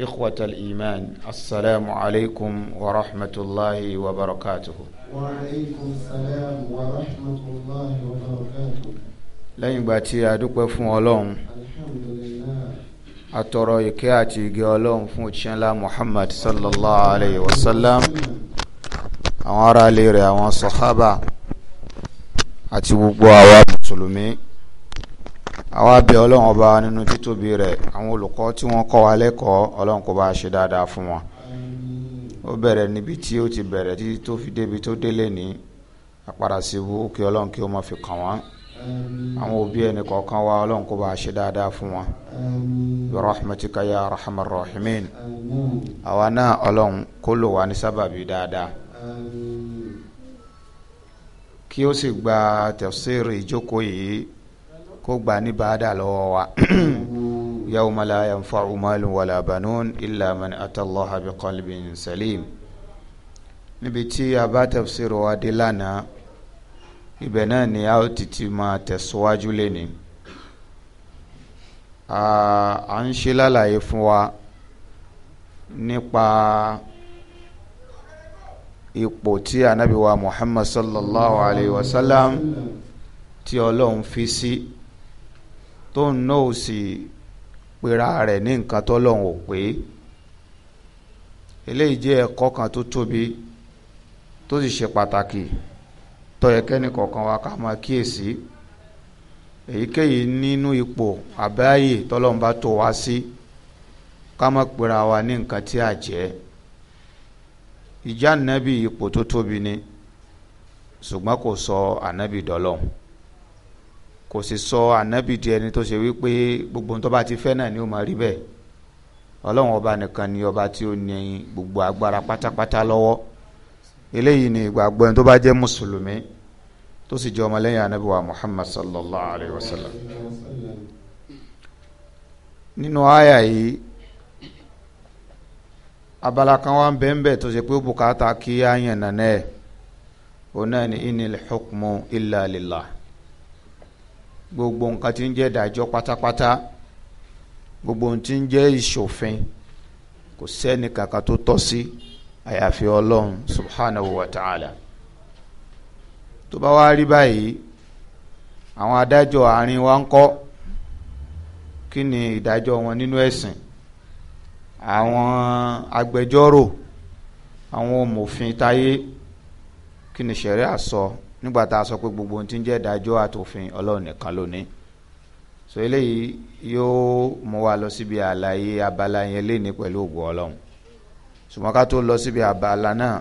إخوة الإيمان السلام عليكم ورحمة الله وبركاته وعليكم السلام ورحمة الله وبركاته lẹ́yìn ìgbà tí a dúpẹ́ fún ọlọ́run àtọ̀rọ̀ ìkẹ́ àti ìgẹ́ ọlọ́run fún òṣìṣẹ́lá Muhammad sallallahu alayhi wa sallam àwọn ará rẹ̀ àwọn sọ̀hábà àti gbogbo àwa mùsùlùmí àwa bẹ̀ ọlọ́run ọba nínú títóbi rẹ̀ àwọn olùkọ́ tí wọ́n kọ́ wa lẹ́kọ̀ọ́ ọlọ́run kó bá a ṣe dáadáa fún wọn ó bẹ̀rẹ̀ níbi tí ó ti bẹ̀rẹ̀ títí tó fi débi tó délé ní àpàdà síbu kí ọlọ́run kí ó má fi kàn wọ́n àwọn òbí ẹni kọ̀ọ̀kan wa ọlọ́run kó bá a ṣe dáadáa fún wọn bí rahmatika ya rahman rahimin àwa náà ọlọ́run kó lò wá ní sábàbí dáadáa kí ó sì gba tafsiri ìjókòó yìí kó gbà ní bàdà lọ́wọ́ wa. يوم لا ينفع مال ولا بنون إلا من أتى الله بقلب سليم níbi tí a bá tafsiru wa dé lánàá ibẹ̀ náà ni a ó títí máa tẹ̀síwájú lẹ́ni à ń ṣe lálàyé fún wa nípa ipò tí anabi Muhammad sallallahu alayhi wa sallam tí ọlọ́run fi sí. Si tó ń ná òsì pera rẹ̀ ní nǹkan tó lọ́hùn ò pé eléyìí jẹ́ ẹ̀kọ́ kan tó tóbi tó sì ṣe pàtàkì tó kẹ́ni kọ̀ọ̀kan wa ká máa kíyèsí èyíkéyìí nínú ipò àbáyé tọ́lọ́run bá tó wá sí ká má pera wa ní nǹkan tí a jẹ́ ìjà ànábì ipò tó tóbi ni ṣùgbọ́n kò sọ ànábì dọ́lọ́hùn kò sì sọ ànábì di ẹni tó ṣe wípé gbogbo ohun tó bá ti fẹ́ náà ni ó máa rí bẹ́ẹ̀ ọlọ́run ọba nìkan ni ọba tí ó ní gbogbo agbára pátápátá lọ́wọ́ eléyìí ni ìgbàgbọ́ ẹni tó bá jẹ́ mùsùlùmí tó sì jẹ́ ọmọlẹ́yìn ànábì wa muhammad sallallahu alayhi wa sallam nínú àyà yìí abala kan wà ń bẹ́ẹ̀ bẹ́ẹ̀ tó ṣe pé ó bùkátà kí á yànnà náà òun náà ni inil hukmu illa lillah gbogbo nǹkan tí ń jẹ́ ìdájọ́ pátápátá gbogbo ohun tí ń jẹ́ ìṣòfin kò sẹ́ni kàkà tó tọ́ sí àyàfi ọlọ́run subhanahu wa ta'ala tó bá wá rí báyìí àwọn adájọ́ àárín wa ń kọ́ kí ni ìdájọ́ wọn nínú ẹ̀sìn àwọn agbẹjọ́rò àwọn òmòfin táyé kí ni ṣẹ̀ríà sọ nígbà tá a sọ pé gbogbo ohun tí ń jẹ́ ìdájọ́ àtòfin ọlọ́run nìkan lónìí so eléyìí yóò mú wa lọ síbi àlàyé abala yẹn léni pẹ̀lú ògùn ọlọ́run ṣùgbọ́n ká tó lọ síbi abala náà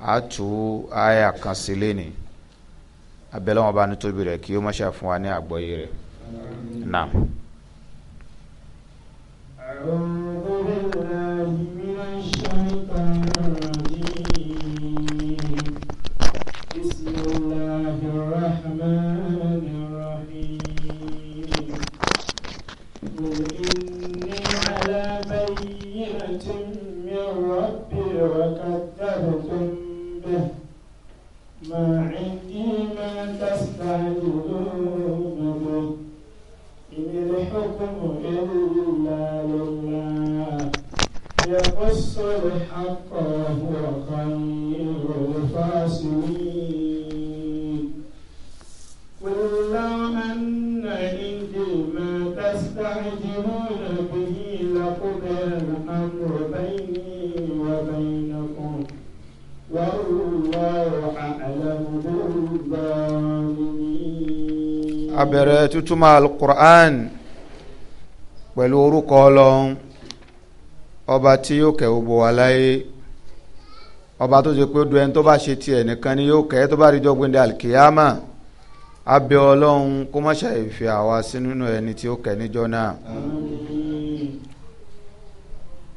a tú àyà kan sí léni abẹ́lẹ́ wọn bá ní tóbi rẹ̀ kí ó má ṣe fún wa ní àgbọ́yé rẹ̀ náà. إلا لله يقص الحق وهو خير الفاصلين قل لو أن ما تستعجلون به لقضي الأمر بيني وبينكم والله أعلم بالظالمين أبرة تتمى القرآن pẹ̀lú orúkọ ọlọ́run ọba tí yóò kẹ́ gbogbo wa láyé ọba tó ṣe pé du ẹni tó bá ṣe tiẹ̀ nìkan ni yóò kẹ́ tó bá rí jọ́gbìn dé alkiyama abẹ ọlọ́run kó má ṣàìfẹ́ àwa sínú ẹni tí ó kẹ́ níjọ́ náà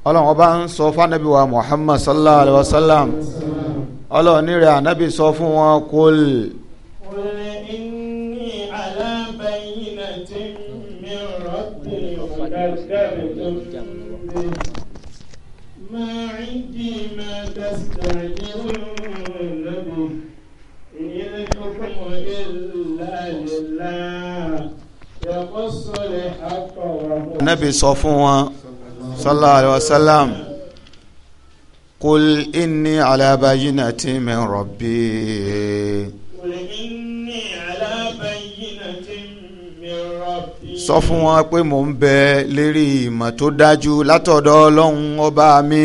ọlọ́run ọba ń sọ fánàbí wa Muhammad sallallahu alayhi wa sallam ọlọ́run nírẹ̀ ànábì sọ fún wọn kólì. ما عندي ما تستعجلون به إن الحكم إلا لله يقص الحق وهو النبي صفوان صلى الله عليه وسلم قل إني على بينة من ربي قل إني sọ fún wọn pé mò ń bẹ lérí ìmọ̀ tó dájú látọ̀dọ̀ ọlọ́run ọba mi.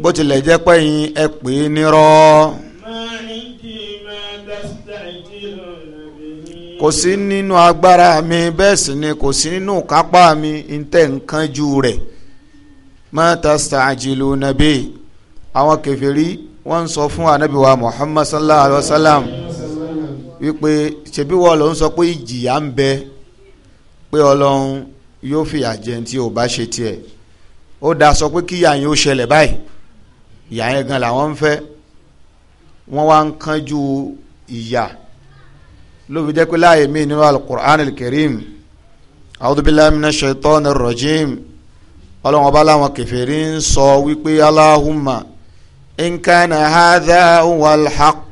bó tilẹ̀ jẹ́ pé yín ẹ pè é nírọ́. kò sí nínú agbára mi bẹ́ẹ̀ sì ni kò sí nínú kápá mi ń tẹ̀ ń rẹ̀ ma tasta'jiluna bi àwọn kèfèrí wọ́n ń sọ fún anabiwa muhammad sallallahu alaihi wa sallam wípé ṣebí wọ́n ló ń sọ pé ìjìyà ń bẹ pé ọlọ́run yóò fìyà jẹ tí ò bá ṣe tiẹ̀ ó dáa sọ pé kíyà yẹn ó ṣẹlẹ̀ báyìí ìyà yẹn gan làwọn ń fẹ́ wọ́n wá ń kánjú ìyà ló fi jẹ́ pé láàyè mí nínú alukur'an alkarim a'udhu billahi minash shaitani ọlọ́run ọba láwọn kèfèrí ń sọ wípé Allahumma in kana hadha wal haqq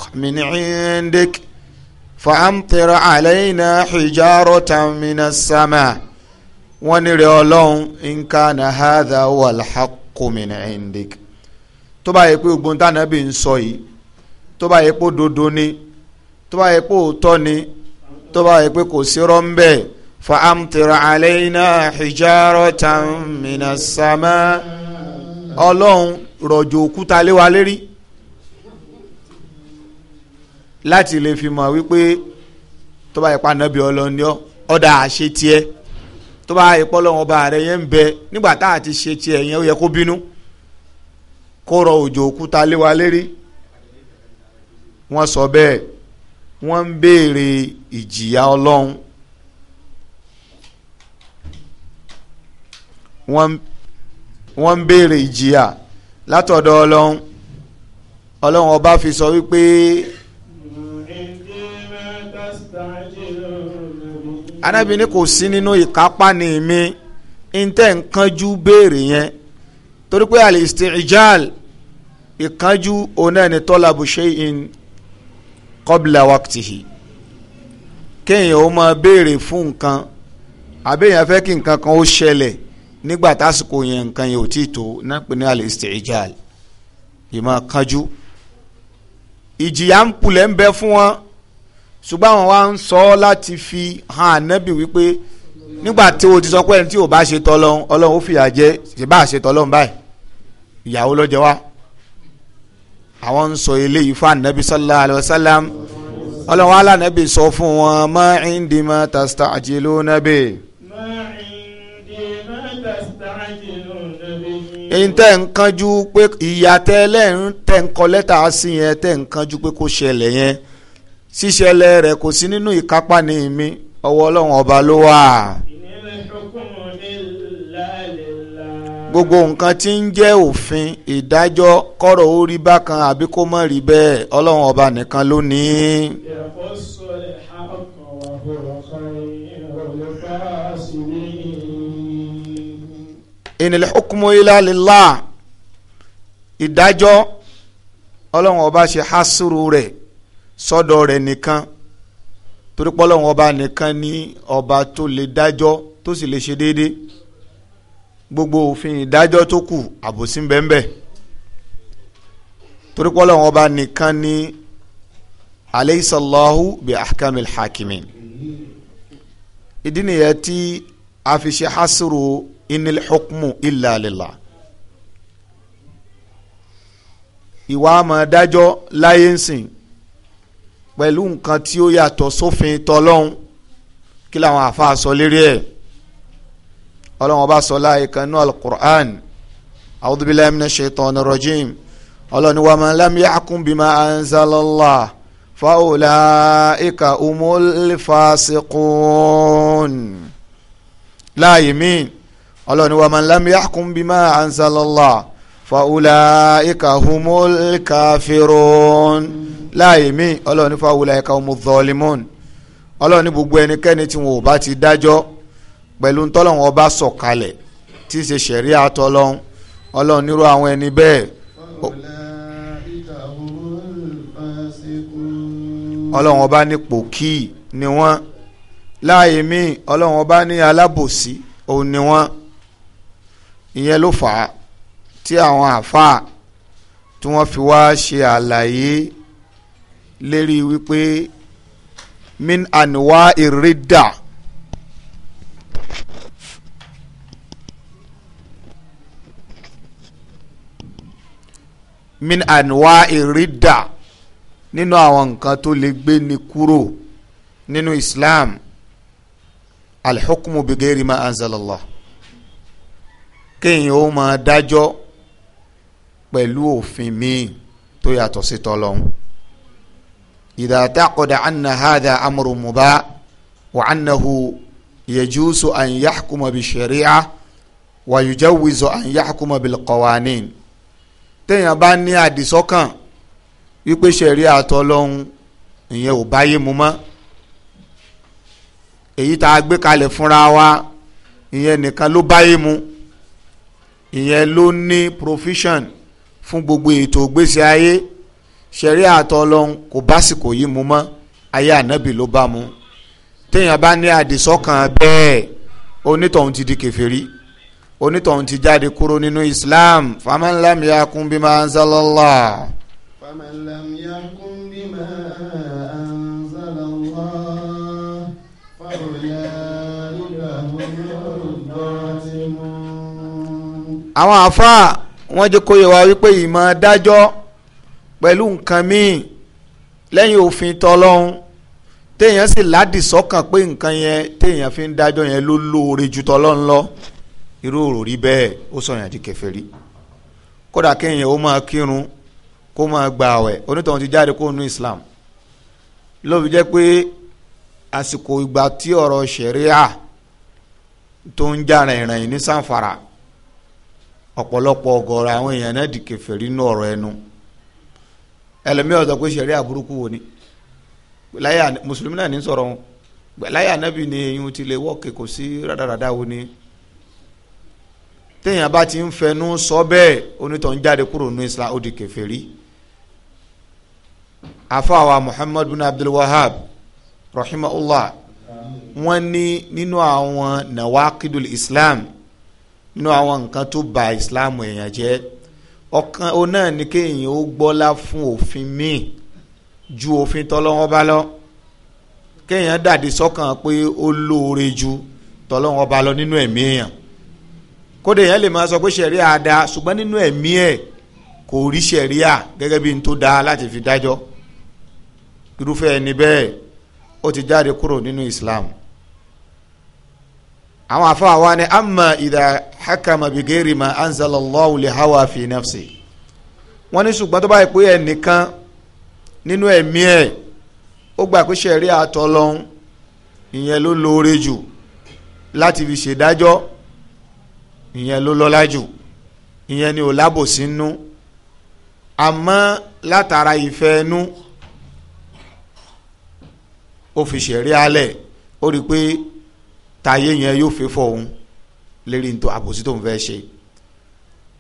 fa'amtira alayna hijaratan minas sama wọ́n ní rẹ̀ ọlọ́run in kana hadha wal haqqu min indik tó bá yẹ pé ogun tánàbí ń sọ yìí tó bá yẹ pé òdodo ni tó bá yẹ pé òótọ́ ni tó bá yẹ pé kò sí rọ́ńbẹ́ fa'amtira alayna hijaratan minas sama ọlọ́run rọ̀jò òkúta léwa lérí láti lè fi mọ̀ wípé tó bá yẹ pa nàbí ọlọ́run ni ọ́ ọ̀dà àṣẹ tiẹ̀ tó bá yẹ pọ́lọ́wọ́n ọba rẹ̀ yẹn ń bẹ nígbà tá a ti ṣe tiẹ̀ yẹn ó yẹ kó bínú kó rọ òjò òkúta lé wa lérí wọ́n sọ bẹ́ẹ̀ wọ́n ń béèrè ìjìyà ọlọ́run wọ́n ń béèrè ìjìyà látọ̀dọ̀ ọlọ́run ọlọ́run ọba fi sọ wípé anábì ní kò sí nínú ìkápá ni mi ntẹ́ nkanjú béèrè yẹn torí pé al-isti'jal ìkanjú ọ̀nà ni talabu shay'in qabla waqtihi kéèyàn ó máa béèrè fún nǹkan àbẹ́yàn fẹ́ kí nǹkan kan ó ṣẹlẹ̀ nígbà tásìkò yẹn nǹkan yẹn ò tí tó náà pè ní al-isti'jal ìmọ̀ kanjú ìjìyà ń pulẹ̀ ń bẹ fún wọn ṣùgbọ́n àwọn wa ń sọ láti fi hàn ànábì wípé nígbà tí o ti sọ pé ẹni tí o bá ṣe tọ́lọ́hún ọlọ́run ó fìyà jẹ ṣe bá ṣe tọ́lọ́hún báyìí ìyàwó lọ́jọ́ wa àwọn ń sọ eléyìí fún ànábì sallallahu alayhi wa sallam ọlọ́run alánàbì sọ fún wọn ma indi ma tasta'jiluna bi. ma indi ma tasta'jiluna bi. èyí tẹ́ ń kánjú pé ìyá tẹ́lẹ̀ ń tẹ́ ń kọ lẹ́tà sí yẹn tẹ́ ń kánjú pé kó ṣẹlẹ̀ yẹn ṣíṣẹlẹ̀ rẹ̀ kò sí nínú ìkápá ní mi ọwọ́ ọlọ́run ọba ló wà. gbogbo nǹkan tí ń jẹ́ òfin ìdájọ́ kọ́rọ̀ ó rí bákan àbí kó má rí bẹ́ẹ̀ ọlọ́run ọba nìkan ló ní í. inil hukmu ila lillah ìdájọ́ ọlọ́run ọba ṣe hásùrù rẹ̀ sọ́dọ̀ rẹ̀ nìkan torí pọ́lọ́hún ọba nìkan ní ọba tó lè dájọ́ tó sì lè ṣe déédéé gbogbo òfin ìdájọ́ tó kù àbòsí bẹ́ẹ̀nbẹ́ torí pọ́lọ́hún ọba nìkan ní aleyhisallahu bi ahkamil hakimin ìdí nìyẹn tí a fi ṣe hasiru inil hukmu illa lillah ìwà máa dájọ́ láyé ń sìn pẹ̀lú nǹkan tí ó yàtọ̀ sófin tọlọ́hún kí làwọn àfáà sọ lérí ẹ̀ ọlọ́run ọba sọ láàyè kan nínú alukur'an a'udhu billahi minash shaitanir rajim ọlọ́run wa man lam yahkum bima anzalallah fa ulaika umul fasiqun láàyè míì ọlọ́run wa man lam yahkum bima anzalallah fa ulaika humul kafirun láàyè míì ọlọ́run ní fáwọlá ẹ̀ka ọmọ zọlímọ́ọ̀nù ọlọ́run ní gbogbo ẹnikẹ́ni tí wọn ò bá ti dájọ́ pẹ̀lú ntọ́lọ́run ọba sọ̀kalẹ̀ tí í ṣe ṣẹ̀rí àtọ́lọ́run ọlọ́run nírú àwọn ẹni bẹ́ẹ̀. ọlọ́run ọba ní pòkì ni wọ́n láàyè míì ọlọ́run ọba ní alábòsí òun ni wọ́n ìyẹn ló fà á tí àwọn àáfàá tí wọ́n fi wá ṣe àlàyé lérí wípé min anuwa irida min anuwa irida nínú àwọn nǹkan tó lè gbé ni kúrò nínú Islam alḥukumu bigeri ma anzalallah kéèyàn ó máa dájọ́ pẹ̀lú òfin míì tó yàtọ̀ sí tọlọ́hun إذا تعقد أن هذا أمر مباح وأنه يجوز أن يحكم بالشريعة ويجوز أن يحكم بالقوانين téèyàn bá ní àdìsọ́kàn wípé ṣẹ̀rí àtọ́lọ́hún ìyẹn ò báyé mu mọ́ èyí tá a gbé kalẹ̀ fúnra wa ìyẹn nìkan ló báyé mu ìyẹn ló ní provision fún gbogbo ètò ìgbésí ayé ṣẹ̀rí àtọ̀ ọlọ́run kò básìkò yìí mu mọ́ ayé ànábì ló bá mu téèyàn bá ní àdìsọ́kàn bẹ́ẹ̀ onítọ̀hún ti di kèfèrí onítọ̀hún ti jáde kúrò nínú Islam faman ya yakun bima anzalallah. faman lam yakun bima anzalallah fa'ulaika humud zalimun. àwọn àfáà wọ́n jẹ́ kó yẹ wípé ìmọ̀ dájọ́ pẹ̀lú nǹkan míì lẹ́yìn òfin tọlọ́hún téèyàn sì ládì sọ́kàn pé nǹkan yẹn téèyàn fi ń dájọ́ yẹn ló lóore ju tọlọ́hún lọ irú òrò rí bẹ́ẹ̀ ó sọ̀yàn di kèfèrí kódà kéèyàn ó máa kírun kó máa gbààwẹ̀ onítọ̀hún ti jáde kó nu Islam ló fi jẹ́ pé àsìkò ìgbà tí ọ̀rọ̀ ṣẹ̀ríà tó ń jà rìnrìn ní sanfara ọ̀pọ̀lọpọ̀ ọ̀gọ̀ọ̀rọ̀ àwọn èèyàn náà di kèfèrí nínú ọ̀rọ̀ ẹnu. ẹlẹ́mìí ọ̀sán pé sẹ̀rí àbúrúkú wo ni láyà mùsùlùmí náà ní sọ̀rọ̀ wọn láyà nábì ni eyín ti lè wọ́ọ̀kì kò sí rádaràdà wo ni téèyàn bá ti ń fẹnu sọ bẹ́ẹ̀ onítọ̀ ń jáde kúrò ní islam ó di afaawa muhammad bin abdul wahab rahimahullah wọ́n ní nínú àwọn nawakidul islam nínú àwọn nǹkan tó ba islam èèyàn jẹ́ ọ̀kan o náà ni kéèyàn ó gbọ́lá fún òfin míì ju òfin tọ́lọ́wọ́n bá lọ kéèyàn dàdí sọ́kàn pé ó lóore ju tọ́lọ́wọ́n bá lọ nínú ẹ̀mí èèyàn kódà èèyàn lè máa sọ pé ṣẹ̀ríà dá ṣùgbọ́n nínú ẹ̀mí ẹ̀ kò rí ṣẹ̀ríà gẹ́gẹ́ bí n tó dáa láti fi dájọ́ irúfẹ́ ẹni bẹ́ẹ̀ ó ti jáde kúrò nínú Islam àwọn àfáà wa ni amma idha hakama bigeri ma anzalallahu li hawa fi nafsi wọ́n ní ṣùgbọ́n tó bá yẹ pé ẹnìkan nínú ẹ̀mí ẹ̀ ó gbà pé ṣẹ̀rí àtọlọ́hún ìyẹn ló lóore jù láti fi ṣèdájọ́ ìyẹn ló lọ́lá jù ìyẹn ni ò lábòsí nú àmọ́ látara ìfẹ́ ẹnu ó fi ṣẹ̀rí alẹ̀ ó rí i pé táyé yẹn yóò fẹ́ fọ lérí nítorí àbòsí tó ń fẹ́ ṣe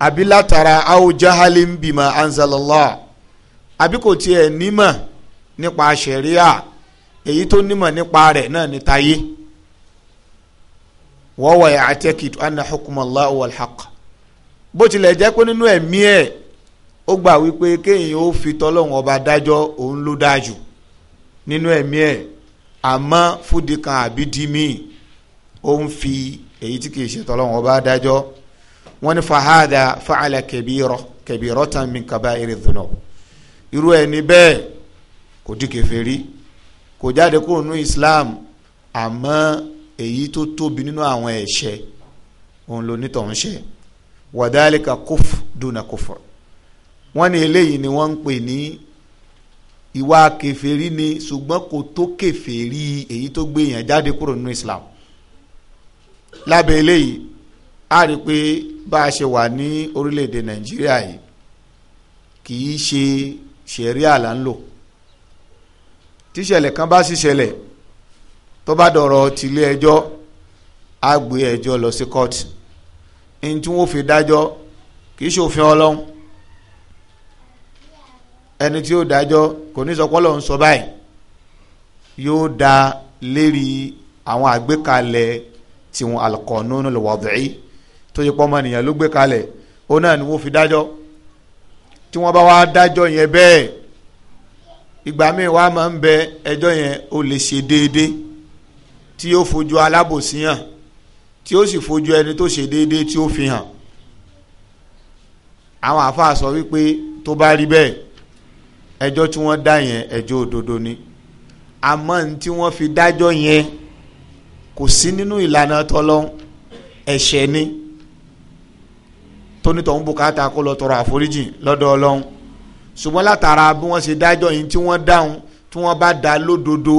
àbí látara jahali jahalim bima anzalallah àbí kò tiẹ̀ nímọ̀ nípa ṣẹ̀ríà èyí tó nímọ̀ nípa rẹ̀ náà ní táyé wa huwa ana anna hukmullahi huwal haqq bó tilẹ̀ jẹ́ pé nínú ẹ̀mí ẹ̀ ó gbà wípé kéèyàn ó fi tọ́lọ́hún ọba dájọ́ òun ló dáa jù nínú ẹ̀mí ẹ̀ àmọ́ fúdi kan àbí ó ń fi èyí tí kì í ṣe tọ́lọ́run ọba dájọ́ wọ́n ní fahadà fa'ala kẹbìrọ kẹbìrọ tán min kaba'iri dhunub irú ẹni bẹ́ẹ̀ kò di kèfèrí kò jáde kúrò ní Islam àmọ́ èyí tó tóbi nínú àwọn ẹ̀ṣẹ̀ òun ló nítọ̀hún ṣe wàdálíkà kóf dùnà kófò wọ́n ní eléyìí ni wọ́n ń pè ní ìwà kèfèrí ni ṣùgbọ́n kò tó kèfèrí èyí tó gbé yẹn jáde kúrò nínú Islam lábẹ́ eléyìí a rí i pé bá a ṣe wà ní orílẹ̀-èdè nàìjíríà yìí kì í ṣe ṣẹ̀ríà là ń lò tíṣẹ̀lẹ̀ kan bá sì ṣẹlẹ̀ tó bá dọ̀rọ̀ tilé ẹjọ́ á gbé ẹjọ́ lọ sí kóòtù ní tí wọ́n fi dájọ́ kì í ṣòfin ọlọ́run ẹni tí yóò dájọ́ kò ní sọ pé sọ báyìí yóò dá lérí àwọn àgbékalẹ̀ tiwọn al-qanunul wad'i tó yẹ pọ́nmọ́ nìyẹn ló gbé kalẹ̀ ó náà ni wọ́n fi dájọ́ tí wọ́n bá wá dájọ́ yẹn bẹ́ẹ̀ ìgbà míì wá máa ń bẹ ẹjọ́ yẹn ó lè ṣe déédé tí yóò fojú alábòsí hàn tí ó sì fojú ẹni tó ṣe déédé tí ó fi hàn àwọn àáfàá sọ wípé tó bá rí bẹ́ẹ̀ ẹjọ́ tí wọ́n dá yẹn ẹjọ́ òdodo ni àmọ́ ní tí wọ́n fi dájọ́ yẹn kò sí nínú ìlànà tọlọ́n ẹ̀ṣẹ̀ ni tónítọ̀ ń bùkátà kó lọ tọrọ àforíjì lọ́dọ̀ ọlọ́run ṣùgbọ́n látara bí wọ́n ṣe dájọ́ yìí tí wọ́n dáhùn tí wọ́n bá dá lódodo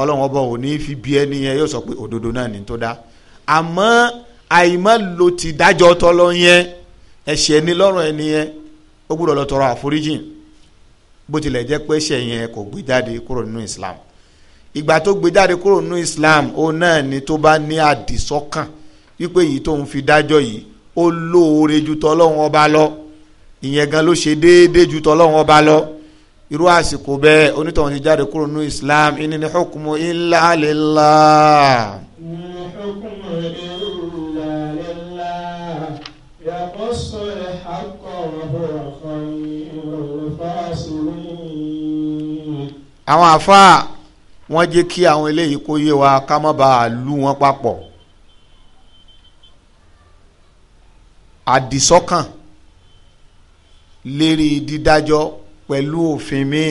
ọlọ́run ọba ò ní fi bí ẹni yẹn yóò sọ pé òdodo náà ní tó dá àmọ́ àìmọ́ lo ti dájọ́ tọ́lọ́ yẹn ẹ̀ṣẹ̀ ni lọ́rùn ẹni yẹn ó gbọ́dọ̀ lọ tọrọ àforíjì bó tilẹ̀ jẹ́ pé ẹ̀ṣẹ̀ yẹn kò gbé jáde kúrò nínú Islam ìgbà tó gbé jáde kúrò nínú Islam òun náà ni tó bá ní àdìsọ́kàn wípé èyí tóun fi dájọ́ yìí ó lóore ju tọ́lọ́run ọba lọ ìyẹn gan ló ṣe déédéé ju tọ́lọ́run ọba lọ irú àsìkò bẹ́ẹ̀ onítọ̀hún ti jáde kúrò nínú Islam inú ni hukumu illa lillah. hukumu àwọn àfáà wọ́n jẹ́ kí àwọn eléyìí kó yé wa ká má bàa lù wọ́n papọ̀ àdìsọ́kàn lérí dídájọ́ pẹ̀lú òfin míì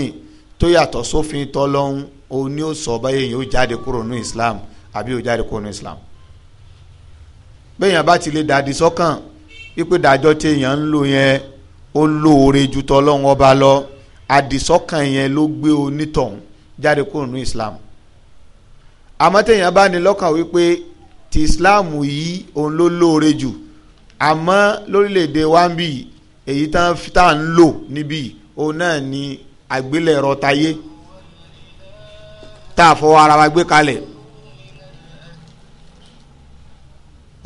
tó yàtọ̀ sófin tọ́lọ́hún òun ni ó sọ báyìí yóò jáde kúrò ní Islam àbí yóò jáde kúrò ní Islam bẹ́ẹ̀yàn bá ti lè dàdí sọ́kàn wípé dàjọ́ téèyàn ń lò yẹn ó lóore ju tọ́lọ́hún ọba lọ àdìsọ́kàn yẹn ló gbé onítọ̀hún jáde kúrò ní islam àmọ́ téèyàn bá ní lọ́kàn wípé ti islam yìí òun ló lóore jù àmọ́ lórílẹ̀‐èdè wa èyí tá à ń lò níbí òun náà ni àgbélẹ̀rọ tayé tá a fọwọ́ ara wa gbé kalẹ̀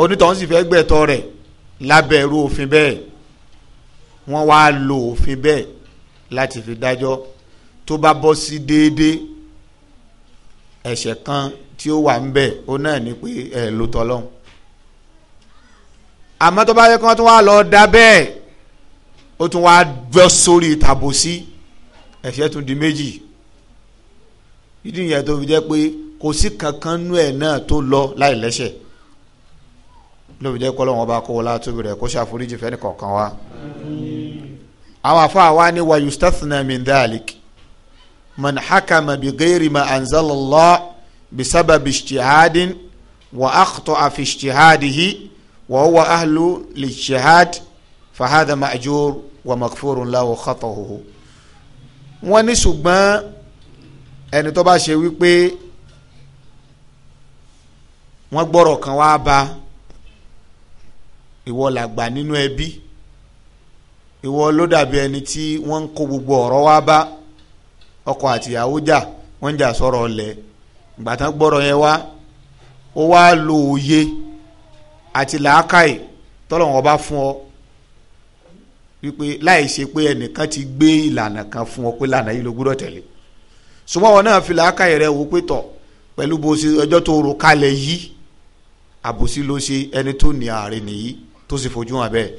onítọ̀hún sì fẹ́ gbẹ̀tọ́ rẹ̀ lábẹ́ òfin bẹ́ẹ̀ wọ́n wá lo òfin bẹ́ẹ̀ láti fi dájọ́ tó bá bọ́ sí déédéé ẹ̀ṣẹ̀ kan tí ó wà ń bẹ̀ ó náà ní pé ẹ̀ ló tọ́lọ́hún àmọ́ tó bá yẹ kí wọ́n tún wá lọ da bẹ́ẹ̀ ó tún wá bọ́ sórí tàbòsí ẹ̀ṣẹ̀ tún di méjì ìdí ìyẹn tó fi jẹ́ pé kò sí kankan nú ẹ̀ náà tó lọ láì lẹ́ṣẹ̀ lóbi jẹ́ kọ́ lọ́wọ́n bá kó wọlé àtúbí rẹ̀ kó ṣàforíjì fẹ́ni kọ̀ọ̀kan wa. àwọn àfáà wa ní wàyùsítàsínà min من حكم بغير ما أنزل الله بسبب اجتهاد وأخطأ في اجتهاده وهو أهل huwa فهذا lijtihad fa hadha ma'jur wa maghfurun lahu khatahu. wọ́n ní ṣùgbọ́n ẹni tó bá ṣe wípé wọ́n gbọ́rọ̀ kan wá bá ìwọ làgbà nínú ẹbí ìwọ ló dàbí ẹni tí wọ́n ń kó gbogbo ọ̀rọ̀ wá bá ọkọ àtìyàwó jà wọ́n jà sọ̀rọ̀ ọ̀lẹ̀ gbàtà gbọ́rọ̀ yẹn wá ó wá lo òye àti làákàyè tọ́lọ́wọ́n bá fún ọ wípé láì ṣe pé ẹnìkan ti gbé ìlànà kan fún ọ pé lànà yìí ló gbọ́dọ̀ tẹ̀lé ṣùgbọ́n wọn náà fi làákàyè rẹ wò pé tọ̀ pẹ̀lú bó ṣe ọjọ́ tó rò kalẹ̀ yìí àbòsí ló ṣe ẹni tó ní ààrẹ nìyí tó sì fojú hàn bẹ́ẹ̀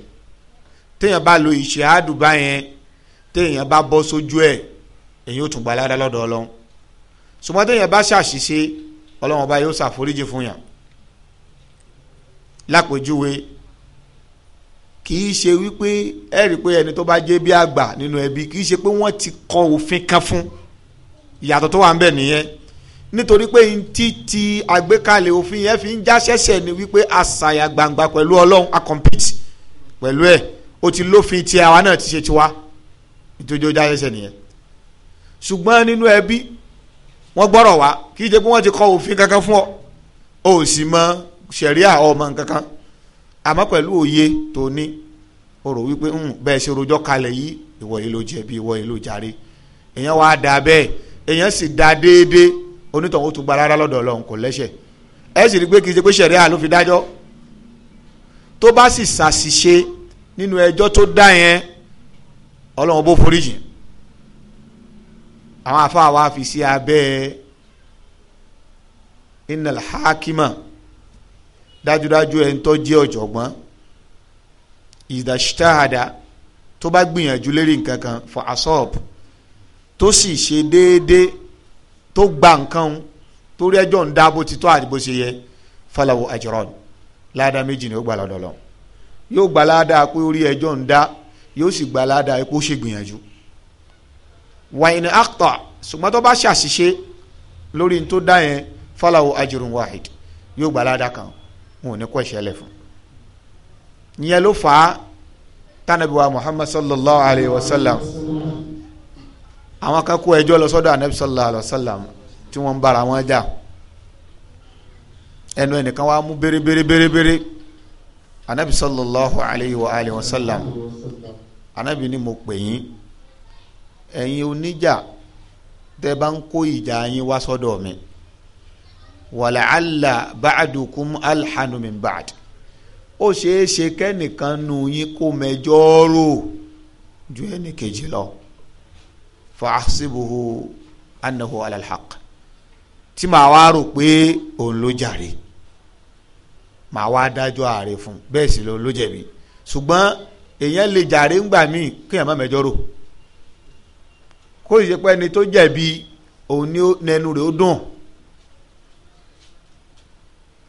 téèyàn bá lo ìṣe àdùbá yẹn téèyàn bá bọ́ sójú ẹ̀ èyí ò tún gba aládàá lọ́dọ̀ ọlọ́run ṣùgbọ́n téèyàn bá ṣàṣìṣe ọlọ́run ọba yóò ṣàforíjì fún yàn lápèjúwe kì í ṣe wípé ẹ rí i pé ẹni tó bá jẹ́ bí àgbà nínú ẹbí kì í ṣe pé wọ́n ti kọ òfin kan fún ìyàtọ̀ tó wà ń bẹ nìyẹn nítorí pé ti ti àgbékalẹ̀ òfin yẹn fi ń já ni wípé àṣàyà gbangba pẹ̀lú ọlọ́run a compete pẹ̀lú ẹ̀ o ti lófin tiẹ̀ àwa náà ti ṣe tiwa nítorí ó nìyẹn ṣùgbọ́n nínú ẹbí wọ́n gbọ́rọ̀ wá kì í jẹ́ pé wọ́n ti kọ òfin kankan fún ọ o ò sì mọ ṣẹ̀ríà ọmọ kankan àmọ́ pẹ̀lú òye tó ní o rò wípé bẹ́ẹ̀ ṣe rojọ́ kalẹ̀ yìí ìwọ yìí ló jẹ̀bi ìwọ yìí ló jàre èèyàn wá da bẹ́ẹ̀ èèyàn sì da déédéé onítọ̀hún ó gba rárá lọ́dọ̀ ọlọ́run kò lẹ́sẹ̀ ẹ sì rí pé kì í ṣe pé ṣẹ̀ríà ló fi dájọ́ tó bá sì ṣàṣìṣe nínú ẹjọ́ tó dá yẹn ọlọ́run bó foríjì àwọn afa wa fi sí abẹ́ innal hakima dájúdájú ẹ̀ ń tó jẹ́ ọ̀jọ̀gbọ́n ìdàṣítàhàdà tó bá gbìyànjú lérí nǹkan kan for assault tó sì ṣe déédéé tó gba nǹkan torí ẹjọ́ ń dá bó ti tó àti ṣe yẹ falawo ajran láàdá méjì ni ó gbà lọ́dọ̀ lọ yóò gbà láàdá pé orí ẹjọ́ ń dá yóò sì gbà láàdá pé ó ṣègbìyànjú wàyìn akta ṣùgbọ́n tó bá ṣàṣìṣe lórí tó dá yẹn falawo ajurun wahid yóò gba aládàá kan wọn ò ní kó ẹ̀ṣẹ̀ lẹ̀ fún un ìyẹn ló fà á tànàbíwá muhammad sallallahu alayhi wa sallam àwọn kan kó ẹjọ́ lọ sọ́dọ̀ anabi sallallahu alayhi wa sallam tí wọ́n ń bára wọn jà ẹnu ẹnìkan wàá mú bèrè bèrè bèrè bèrè anabi sallallahu alayhi wa sallam anabi ni mo pè yín ẹ̀yin oníjà tẹ́ bá ń kó ìjà yín wá sọ́dọ̀ mi wàlàhálà bàdùkún alhanumin bàd ó ṣeé ṣe kẹ́nìkan nu yín kó mẹjọ́ rò ju ẹnì kejì lọ fàásìbùhù anahu alalhaq tí màá wá rò pé òun ló jàre màá wá dájọ́ ààrẹ fún bẹ́ẹ̀ sì ló ló jẹ̀bi ṣùgbọ́n èèyàn lè jàre ńgbà míì kéèyàn má mẹjọ́ rò kó sì ṣe pé ẹni tó jẹ̀bi òun ní ẹnu rẹ̀ ó dùn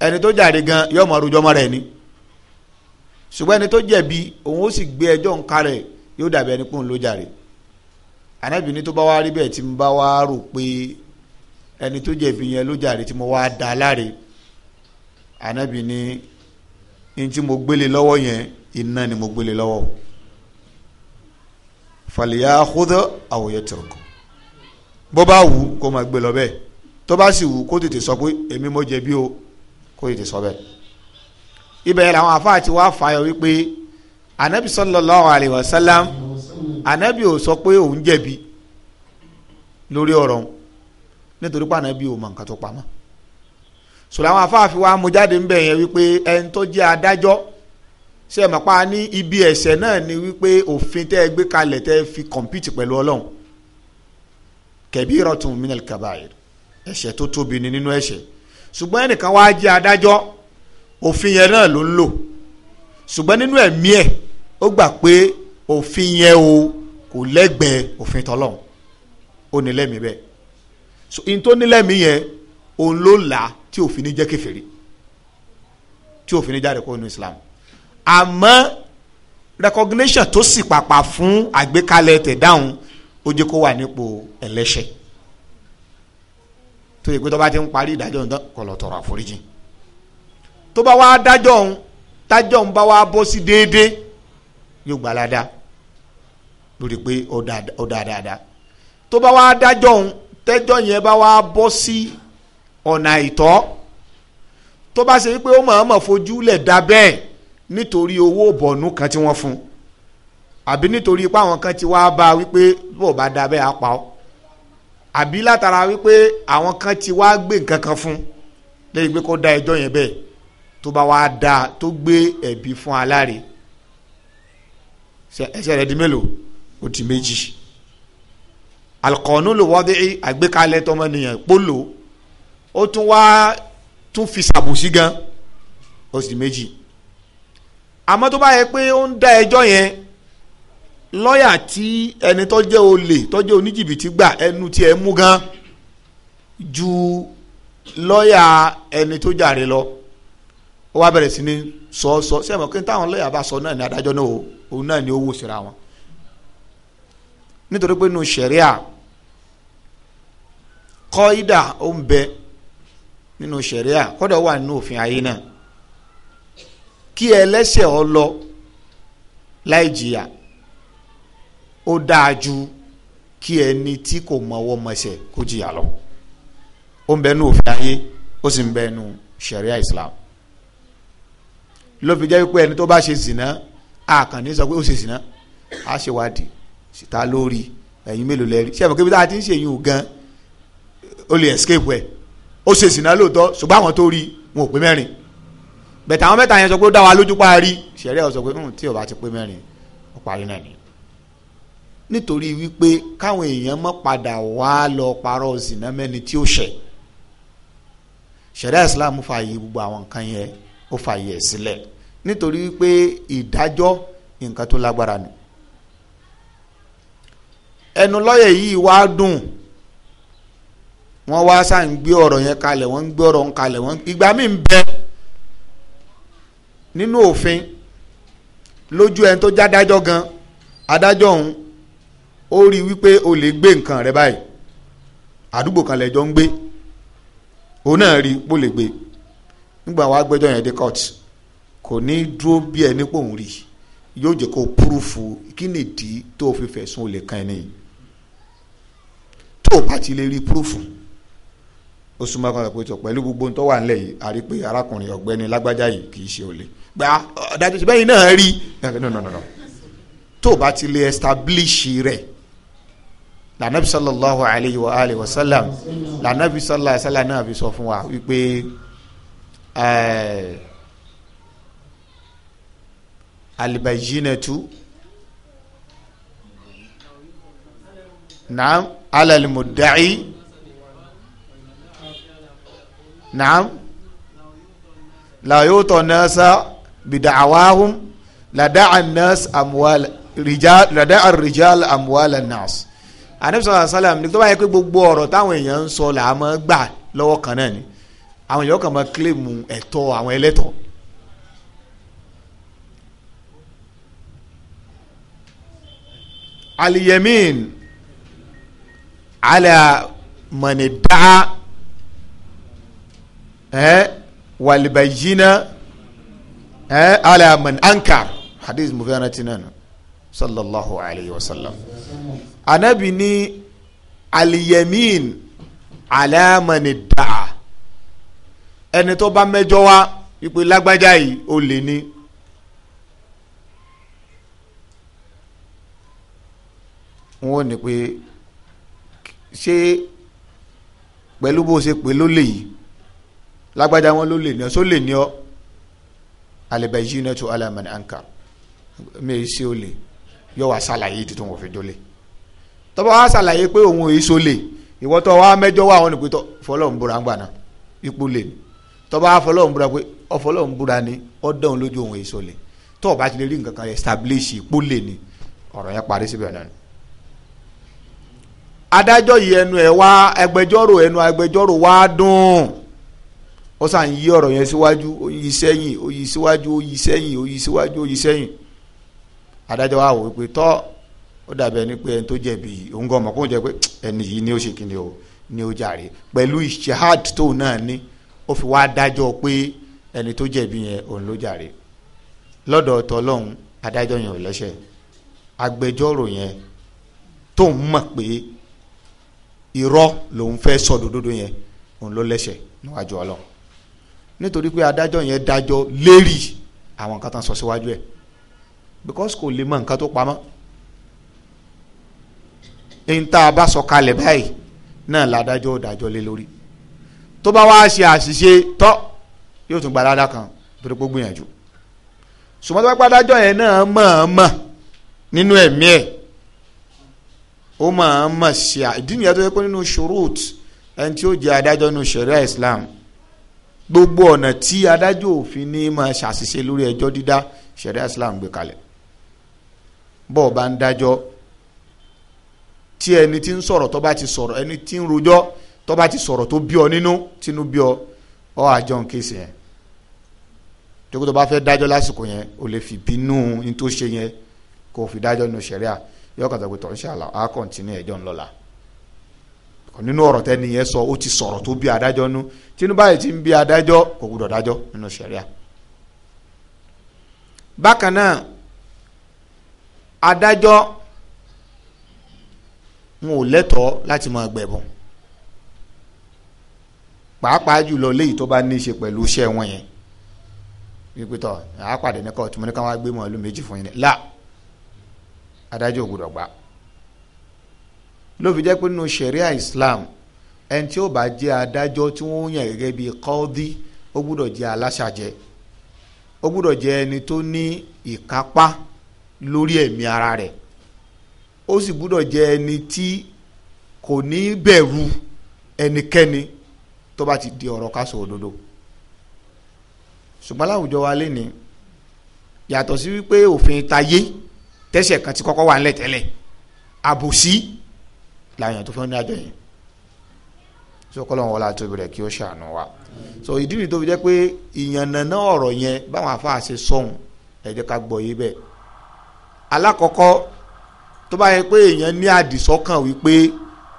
ẹni tó jàre gan yóò mọ àròjọ ọmọ rẹ̀ ni ṣùgbọ́n ẹni tó jẹ̀bi òun ó sì gbé ẹjọ́ nǹka rẹ̀ yóò dàbí ẹni pòun ló jàre ànábì ní tó bá wá rí bẹ́ẹ̀ tí mo bá wá rò pé ẹni tó jẹ̀bi yẹn ló jàre tí mo wá dá láre ànábì ní ní tí mo gbélé lọ́wọ́ yẹn iná ni mo gbélé lọ́wọ́ o fàlìyà kódà àwòyẹ tìrùkù bó bá wù kó máa gbé lọ bẹ́ẹ̀ tó bá sì wù kó tètè sọ pé èmi mo jẹ̀bi o kó tètè sọ bẹ́ẹ̀. ibẹ̀ làwọn afáà ti wá fàyọ wípé anabi sallallahu alayhi wa sallam anabi ò sọ pé òun jẹ̀bi lórí ọ̀rọ̀ òun nítorí pé anabi ò mọ nǹkan tó pamọ́. sọ̀rọ̀ àwọn afáà fi wá mú jáde ń bẹ̀ yẹn wípé ẹni tó jẹ́ adájọ́ ṣe é mọ̀ pa ní ibi ẹ̀ṣẹ̀ náà ni wípé òfin tẹ́ ẹ gbé kalẹ̀ tẹ́ ẹ fi kọ̀mpìtì pẹ̀lú ọlọ́run kabiratun minal kabair ẹ̀ṣẹ̀ tó tóbi ni nínú ẹ̀ṣẹ̀ ṣùgbọ́n ẹnìkan wá jẹ́ adájọ́ òfin yẹn náà ló ń lò ṣùgbọ́n nínú ẹ̀mí ẹ̀ ó gbà pé òfin yẹn o kò lẹ́gbẹ̀ẹ́ òfin tọ́lọ́run ó ní lẹ́mìí bẹ́ẹ̀ so in tó ní lẹ́mìí yẹn òun ló là tí òfin ní jẹ́ kèfèrí tí òfin ní jáde kó nu Islam àmọ́ recognition tó sì pàpà fún àgbékalẹ̀ tẹ̀dáhùn ó jẹ́ kó wà nípò ẹlẹ́ṣẹ̀ tó yẹ tó bá ti ń parí ìdájọ́ ọ̀hún kó lọ tọrọ àforíjì tó bá wá dájọ́ ọ̀hún tájọ́ ọ̀hún bá wá bọ́ sí déédéé yóò gbà lórí pé ó dáa dáadáa tó bá wá dájọ́ ọ̀hún tẹ́jọ́ wá bọ́ sí ọ̀nà àìtọ́ tó bá ṣe wípé ó fojú lẹ̀ nítorí owó bọ̀nú kan tí wọ́n fún àbí nítorí pé àwọn kan ti wá bá a wípé bó bá da bẹ́ẹ̀ á pa ọ́ àbí látara wípé àwọn kan ti wá gbé nǹkan kan fún lẹ́yìn pé kó da ẹjọ́ yẹn bẹ́ẹ̀ tó bá wá da tó gbé ẹ̀bí fún aláre ẹsẹ̀ rẹ̀ di mélòó ó ti méjì alukọ̀ọ́nù ló wọ́dí àgbékalẹ̀ tọmọnìyàn polo ó tún wá tún fi ṣàbùsí gan ó sì di méjì àmọ́ tó bá yẹ pé ó ń dá ẹjọ́ yẹn lọ́ọ̀yà tí ẹni tó olè tó oníjìbìtì gbà ẹnu tí ẹ mú gan ju lọ́ọ̀yà ẹni tó jàre lọ ó wá bẹ̀rẹ̀ sí ní sọ sọ sẹ́mi kí n táwọn lọ́ọ̀yà bá sọ náà ní adájọ́ náà o òun náà ni ó wò síra wọn nítorí pé nínú ṣẹ̀ríà kọ́ ìdà ó ń bẹ nínú ṣẹ̀ríà kọ́dọ̀ wà nínú òfin ayé náà kí ẹlẹ́ṣẹ̀ ọ lọ láì jìyà ó dáa ju kí ẹni tí kò mọwọ́ mọsẹ̀ kó jìyà lọ ó ń bẹ nú òfin ayé ó sì ń bẹ nú ṣẹ̀ríà Islam ló fi jẹ́ pé ẹni tó bá ṣe zìnà àkànní sọ pé ó ṣe zìnà á ṣe wádìí síta lórí ẹ̀yin mélòó lẹ́rí ṣé ẹ̀mọ́ kébí tá a ti ń ṣe yín o gan ó lè escape ẹ̀ ó ṣe zìnà lóòótọ́ ṣùgbọ́n àwọn tó rí wọn ò pé mẹ́rin bẹ̀tẹ̀ àwọn mẹ́ta yẹn sọ pé ó dá wa lójú parí ṣẹ̀rí ọ̀ sọ pé hmm, tí ó bá ti pé mẹ́rin ó parí náà ni. nítorí wípé káwọn èèyàn mọ́ padà wá lọ parọ́ zìnà mẹ́ni tí ó ṣẹ̀ ṣẹ̀rí Islam fààyè gbogbo àwọn nǹkan yẹn ó fààyè ẹ̀ sílẹ̀ nítorí wípé ìdájọ́ nǹkan tó lágbára ni. ẹnu lọ́yẹ̀ yìí wá dùn wọ́n wá sáà ń gbé ọ̀rọ̀ yẹn kalẹ̀ wọ́n ń gbé ọ̀rọ̀ ń kalẹ̀ wọ́n ìgbà míì ń bẹ nínú òfin lójú ẹni tó já dájọ́ gan adájọ́ òun ó rí i wípé o lè gbé nǹkan rẹ báyìí àdúgbò kan lẹ́jọ́ ń gbé òun náà rí i pé o lè gbé nígbà wàá gbẹ́jọ́ yẹn dé court kò ní dúró bí ẹni pò ń rí yóò jẹ́ kó púrúfù kí nìdí tó fi fẹ̀sùn olè kan ẹni tó o bá ti lè rí púrúfù ó súnmọ́ kan pé tọ̀ pẹ̀lú gbogbo tó wà nílẹ̀ yìí a rí pé arákùnrin ọ̀gbẹ́ni lágbájá yìí kì í ṣe olè gba ọ̀dájú ṣe bẹ́yìn náà rí no no no tó o bá ti lè establish rẹ̀ lànàbí sallallahu alayhi wa alayhi wa sallam lànàbí sallallahu alayhi wa sallam náà fi sọ fún wa wípé eh, alibajinatu naam alalimudaci naam la yu'ta nasa bida'awahum lada'a nas amwal rijal lada'a rijal amwal nas anabi sallallahu alayhi wa sallam ní tó bá yẹ pé gbogbo ọ̀rọ̀ táwọn èèyàn ń sọ là á máa gbà lọ́wọ́ kan náà ni àwọn èèyàn kan máa kílèmù ẹ̀tọ́ àwọn ẹlẹ́tọ̀ọ́ aliyemin ala mọ̀nìdáà ẹ walibayina ẹ ala man ankar hadith mufana tinan sallallahu alayhi wa sallam anabi ni aliyamin ala man da'a ẹni tó bá mẹ́jọ wá ipe lágbájá yìí ó lè ní. wọn ò ní pé ṣé pẹ̀lú bó ṣe pè lólè yìí lágbájá wọn ló lè ní ọ só lè ní ọ alẹ́bẹ̀yí náà tó alamani anka mi ì sí olè yọ wá sàlàyé ìdí tó fi jólè tọ́ba wá sàlàyé pé òun èyí sólè ìwọ́ tọ́ wá mẹ́jọ wá àwọn nìpẹ́tọ́ fọlọ́run búra ń gbà náà ipò lè ní tọ́ba fọlọ́run búra pé ọfọlọ́run búra ni ó dán lójú òun èyí sólè tọ́ọ̀ bá ti lè rí nǹkan kan establish ipò lè ní ọ̀rọ̀ yẹn parí síbẹ̀ náà ni adájọ́ yìí ẹnu ẹ̀ wá agbẹjọ́rò ẹnu agbẹjọ́rò wá dùn ó sàn yí ọ̀rọ̀ yẹn síwájú ó yí sẹ́yìn ó yí síwájú ó yí sẹ́yìn ó yí síwájú ó yí sẹ́yìn adájọ́ wa wò pé tọ́ ó dàbẹ̀ ni pé ẹni tó jẹ̀bi òun gan ọmọkùnrin jẹ́ pé ẹni yìí ni ó ṣe kíni o ni ó jàre pẹ̀lú ìṣehad tó náà ní ó fi wá dájọ́ pé ẹni tó jẹ̀bi yẹn òun ló jàre lọ́dọ̀ tọ́lọ́hún adájọ́ yẹn ò lẹ́sẹ̀ agbẹjọ́rò yẹn tó ń mọ̀ pé irọ́ lòun fẹ́ sọ òdodo yẹn òun ló lẹ́sẹ̀ níwájú ọlọ́run nítorí pé adájọ́ yẹn dájọ́ lérí àwọn nǹkan tán sọ síwájú ẹ̀ because kò lè mọ nǹkan tó pamọ́ ẹni tá a bá sọ kalẹ̀ báyìí náà ládájọ́ dájọ́ lé lórí tó bá wá ṣe àṣìṣe tọ́ yóò tún gba dáadáa kan torí pé gbìyànjú ṣùgbọ́n tó bá pàdájọ́ yẹn náà mọ̀ọ́mọ̀ nínú ẹ̀mí ẹ̀ ó mọ̀ọ́mọ̀ ṣe àìdí nìyẹn tó yẹ pé nínú ṣurut ẹni tí ó jẹ́ adájọ́ nínú ṣẹ̀ríà Islam gbogbo ọ̀nà tí adájọ́ òfin ní máa ṣàṣìṣe lórí ẹjọ́ dídá ṣẹ̀ríà Islam gbé kalẹ̀ bọ́ọ̀ bá ń dájọ́ tí ẹni tí ń sọ̀rọ̀ tó bá ti sọ̀rọ̀ ẹni tí ń rojọ́ tó bá ti sọ̀rọ̀ tó bí ọ nínú tínú bí ọ ọ àjọ ń kése yẹn tókò tó bá fẹ́ dájọ́ lásìkò yẹn o lè fi bínú ní tó ṣe yẹn kó o fi dájọ́ nínú ṣẹ̀ríà yọ̀ọ́ kàtàkùtà ń ṣàlà á kọ̀ǹtínú ẹjọ́ ńlọ́la nínú ọ̀rọ̀ tẹ́ni yẹn sọ ó ti sọ̀rọ̀ tó bí adájọ́ nú tínú báyìí ti ń bí adájọ́ kò gbúdọ̀ dájọ́ nínú ṣẹ̀ríà. bákan náà adájọ́ wọn ò lẹ́tọ̀ọ́ láti máa gbẹ̀bọ̀n pàápàá jùlọ léyìí tó bá ní í ṣe pẹ̀lú iṣẹ́ wọn yẹn wípé tọ́ àápàdé ní kọ́ọ̀tù mo ní káwọn gbé mọ́ ọlú méjì fún yín ní là adájọ́ ò gbúdọ̀ gbà ló fi jẹ́ pé nínú ṣẹ̀ríà Islam ẹni tí ó bá jẹ́ adájọ́ tí wọ́n yàn gẹ́gẹ́ bíi kọ́ọ́dí ó gbúdọ̀ jẹ́ aláṣàjẹ́ ó gbúdọ̀ jẹ́ ẹni tó ní ìkápá lórí ẹ̀mí ara rẹ̀ ó sì gbúdọ̀ jẹ́ ẹni tí kò ní bẹ̀rù ẹnikẹ́ni tó bá ti di ọ̀rọ̀ ká òdodo ṣùgbọ́n láwùjọ wa lénìí yàtọ̀ sí wípé òfin tayé tẹ́sẹ̀ kan ti kọ́kọ́ wà ńlẹ̀ tẹ́lẹ̀ àbòsí. Si, làwọn èèyàn tó fi ń dájọ́ so kọ́lọ́n wọlé àtòbí rẹ̀ kí ó ṣàánú wa so ìdí nìyí tó fi jẹ́ pé ìyànnàná ọ̀rọ̀ yẹn báwọn afáà ṣe sọ̀hún ẹ jẹ́ ká gbọ́ yé bẹ́ẹ̀ alákọ̀ọ́kọ́ tó bá yẹ pé èèyàn ní àdìsọ́kàn wípé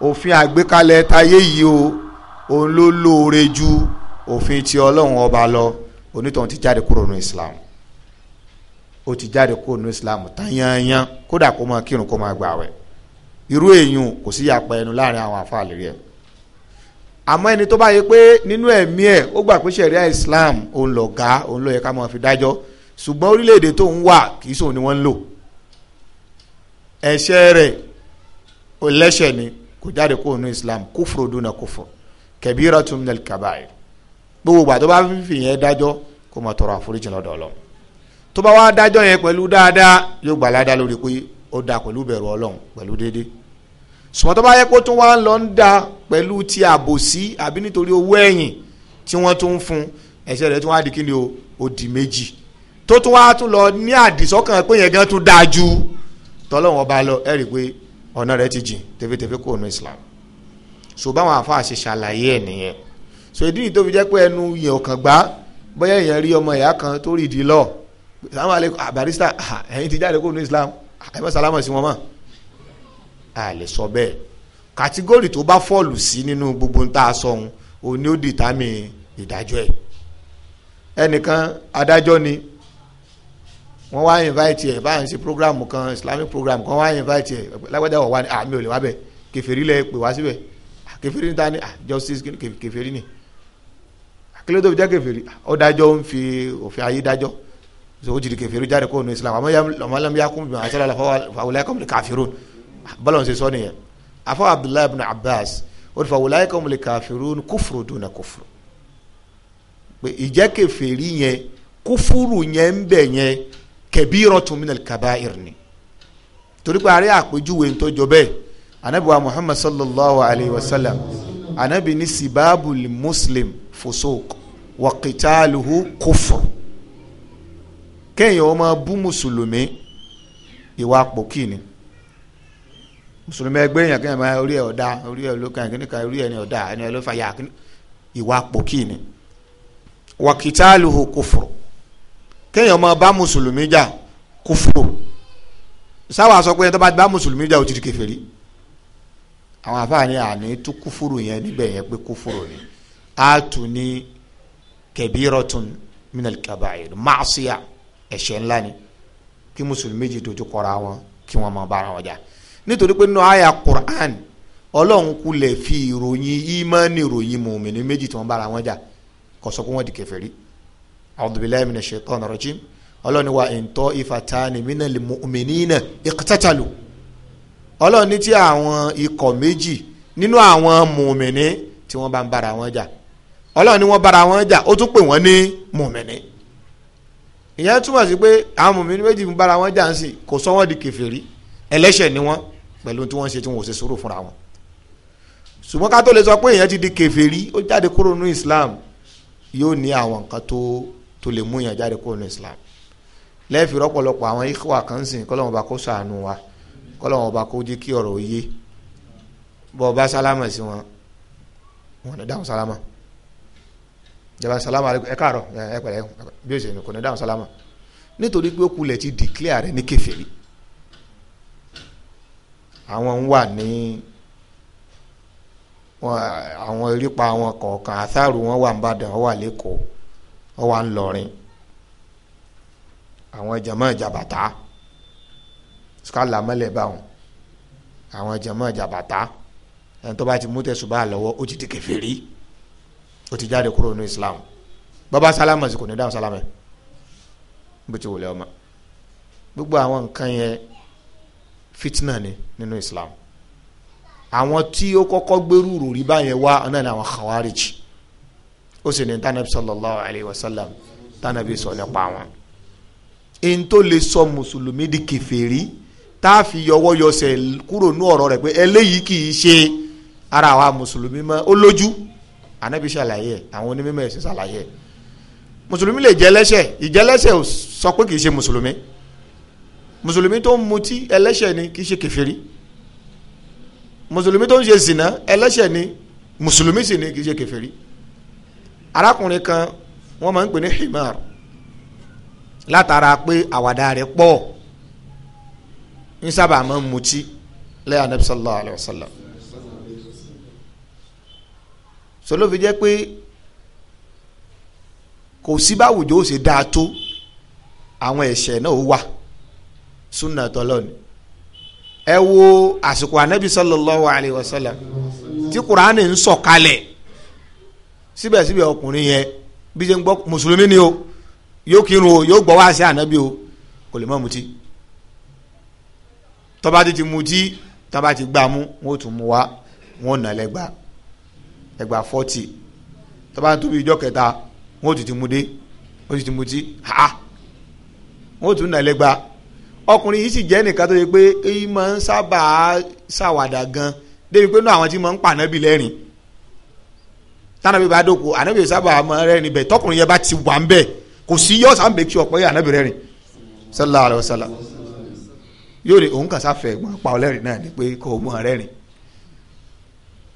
òfin àgbékalẹ̀ tayé yìí o òun ló lóore ju òfin ti ọlọ́run ọba lọ onítọ̀hún ti jáde kúrò ní Islam ó ti jáde kúrò ní Islam tányányán kódà kó máa kírun kó máa gbààwẹ̀ irú èèyàn kò sí yàpá ẹnu láàrin àwọn àfa lérí ẹ̀ àmọ́ ẹni tó bá yẹ pé nínú ẹ̀mí ẹ̀ ó gbà pé sẹ̀ríà Islam òun lọ ga òun ló yẹ ká máa fi dájọ́ ṣùgbọ́n orílẹ̀ tó ń wà kì í sòun ni wọ́n ń lò ẹ̀ṣẹ̀ rẹ̀ ó ni kò jáde kó nu Islam kufru duna kufru kabiratun minal kabair gbogbo ìgbà tó bá fi yẹn dájọ́ kó máa tọrọ àforíjì lọ́dọ̀ Ọlọ́run tó bá wá dájọ́ yẹn pẹ̀lú dáadáa yóò gbà ládàá lórí pé ó da pẹ̀lú bẹ̀rù ọlọ́run pẹ̀lú dédé sùmọ́tò bá yẹ kó tún wá ń lọ ń da pẹ̀lú ti àbòsí àbí nítorí owó ẹ̀yìn tí wọ́n tún ń fún ẹ̀ṣẹ̀ rẹ̀ tún wá di kí ni o ó di méjì tó tún wá tún lọ ní àdìsọ́kàn pé yẹn gan tún dáa ju tọ́lọ́wọ́n ọba lọ ẹ̀ rí i pé ọ̀nà rẹ̀ ti jìn tẹ́fẹ́tẹ́fẹ́ kò ní Islam so báwọn àfáà ṣe ṣàlàyé ẹ̀ nìyẹn so ìdí nìyí tó fi jẹ́ pé ẹnu yẹn ọ̀kàn gbá bóyá èèyàn rí ọmọ ìyá kan tó rí lọ sàmúlẹ̀ barista ẹ̀yin ti jáde kó ní Islam ẹ bá sálámà sí wọn mọ́ a lè sọ bẹ́ẹ̀ kàtígórì tó bá fọ́ọ̀lù sí nínú gbogbo ń tá a sọ òun òun ó dìtámì ìdájọ́ ẹ̀ ẹnìkan adájọ́ ni wọ́n wá invite ẹ̀ báyìí ṣe program kan islamic program kan wá invite ẹ̀ lágbàdá wà wá ní àmì òlè wá bẹ̀ kẹfẹ́rí lẹ̀ pè wá síbẹ̀ kẹfẹ́rí ní ni justice kẹfẹ́rí ni akílódò fi jẹ́ kẹfẹ́rí ọ̀dájọ́ ń fi òfin ayé dájọ́ so o jiri kẹfẹ́rú jáde kó nu islam àmọ́ ọmọlẹ́mú yà kún bí wọn àtàlà fàwùlẹ́ kọ́mùlẹ̀ káfírún bọ́lọ̀n ṣe sọ nìyẹn afọ abdullahi ibn abbas ó ti fàwùlẹ́ kọ́mùlẹ̀ káfírún kófòrò dùnà kófòrò pé ìjẹ́ kẹfẹ́rí yẹn kófòrò yẹn ń bẹ̀ yẹn kẹbíirọ̀ tún mí nàlẹ́ kaba irin torí pé àárẹ̀ àpèjúwe ń anabi wa muhammad sallallahu alayhi wa anabi ni sibabul muslim fosok wa qitaluhu kófòrò kéèyàn ó máa bú mùsùlùmí ìwà pòkì ni mùsùlùmí ẹgbẹ́ èèyàn kéèyàn máa orí ẹ̀ ọ̀dà orí ẹ̀ olókan kíníkan orí ẹ̀ ní ọ̀dà ẹni ẹ̀ ló fà yà ìwà pòkì ni wàkìtàlùhù kùfùrù kéèyàn máa bá mùsùlùmí jà kùfùrù sáwà sọ pé tó bá bá mùsùlùmí jà ó ti àwọn afáàní àní tú kúfúrú yẹn níbẹ̀ yẹn pé kúfúrú ni a tù ní kẹbírọ̀tún minal kabair maṣíà ẹ̀ṣẹ̀ ńlá ni kí mùsùlùmí méjì dojú kọra wọn kí wọ́n máa bára wọn jà nítorí pé nínú àyà Qur'an ọlọ́run kulẹ̀ fi ìròyìn ìmánì ìròyìn mùmìnì méjì tí wọ́n bára wọn jà kó sọ pé wọ́n di kèfèrí a'udhu billahi minash shaitanir rajim ọlọ́run wa in ta'ifatani minal mu'minina iqtatalu ọlọ́run ní tí àwọn ikọ̀ méjì nínú àwọn mùmìnì tí wọ́n bá ń bára wọn jà ọlọ́run ní wọ́n bára wọn jà ó tún pè wọ́n ní mùmìnì ìyẹn túmọ̀ sí pé àwọn mùmí méjì ń bára wọn jà kò sọ wọn di kèfèrí ẹlẹ́ṣẹ̀ ni wọ́n pẹ̀lú tí wọ́n ṣe tí wọ́n ò ṣe sùúrù fúnra wọn ṣùgbọ́n ká tó lè sọ pé èèyàn ti di kèfèrí ó jáde kúrò nínú Islam yóò ní àwọn nǹkan tó tó lè mú èèyàn jáde kúrò nínú Islam lẹ́ẹ̀fì rọ́pọ̀lọpọ̀ àwọn ikhwa kan sìn kọ́lọ́wọ́n ọba kó sàánú wa kọ́lọ́wọ́n ọba kó jẹ́ kí ọ̀rọ̀ òye jaba salama aleykum ẹ káàárọ̀ ẹ pẹ̀lẹ́ bí o ṣe ní kò ní dáhùn salama nítorí pé ó kulẹ̀ ti declare rẹ̀ ní kèfèrí àwọn ń wà ní àwọn erípa àwọn kọ̀ọ̀kan àtàrù wọn wà ń bàdàn wọn wà lẹ́kọ̀ọ́ wọn wà ń lọrin àwọn jama jabata sukala mẹlẹ báwọn àwọn jama jabata ẹni tó bá ti mú tẹ̀sùbá lọ́wọ́ ó ti di kèfèrí ó ti jáde kúrò ní islam bàbá sálámà sí kò ní dáhùn sálámà bó ti wòlé ọmọ gbogbo àwọn nǹkan yẹn fitna ni nínú islam àwọn tí ó kọ́kọ́ gbèrú ròrí báyẹn wá ọ̀nà ni àwọn khawarij ó sì ní tànàbí sallallahu alayhi wa sallam tànàbí sọ nípa wọn èyí tó lè sọ mùsùlùmí di kèfèrí tá a fi yọwọ́ yọsẹ̀ kúrò ní ọ̀rọ̀ rẹ̀ pé eléyìí kì í ṣe ara àwa mùsùlùmí mọ́ ó lójú anabi ṣàlàyé àwọn onímọ̀ ẹ̀sìn ṣàlàyé mùsùlùmí lè jẹ́ ẹlẹ́ṣẹ̀ ìjẹ́ ẹlẹ́ṣẹ̀ ò sọ pé kì í ṣe mùsùlùmí mùsùlùmí tó ń mutí ẹlẹ́ṣẹ̀ ni kì í ṣe kèfèrí mùsùlùmí tó ń ṣe zina ẹlẹ́ṣẹ̀ ni mùsùlùmí sì ni kì í ṣe kèfèrí arákùnrin kan wọ́n máa ń pè ní himar látara pé àwàdà rẹ̀ pọ̀ ń sábà máa ń mutí lẹ́yìn anabi sallallahu alayhi wa sallam so ló fi jẹ́ pé kò sí báwùjọ ó ṣe dáa tó àwọn ẹ̀ṣẹ̀ náà wà súnà tọ́lọ́ni ẹ wo àsìkò anabi sallallahu alayhi wa sallam tí kuraani ń sọ̀kalẹ̀ síbẹ̀síbẹ̀ ọkùnrin yẹn bí ṣe ń gbọ́ mùsùlùmí ni o yóò kírun o yóò gbọ́ wá sí anabi o kò lè má mutí tọ́ba ti ti mutí tọ́ba ti gbà mú wọ́n tún mú wá wọ́n nà lẹ́gbàá ẹgbà fọ́tì tó bá tóbi ìjọ kẹta wọn ò tún ti mu dé wọn ò ti mu tí ha wọn ò tún nà lẹ́gba ọkùnrin yìí sì jẹ́ nìkan tó yẹ pé èyí máa ń sábà ṣàwàdà gan débi pé náà àwọn tí máa ń pànábì lẹ́rìn tánàbí bá dòkó ànábì sábà máa rẹ́rìn bẹ́ẹ̀ tọkùnrin yẹn bá ti wà ń bẹ́ẹ̀ kò sí yọ sáà ń ọ̀pọ̀ yẹn ànábì rẹ́rìn sallallahu alaihi wasallam yóò ní òun kàn sáfẹ́ ẹ̀gbọ́n pa ọlẹ́rìn náà ni pé kò mú ọ rẹ́rìn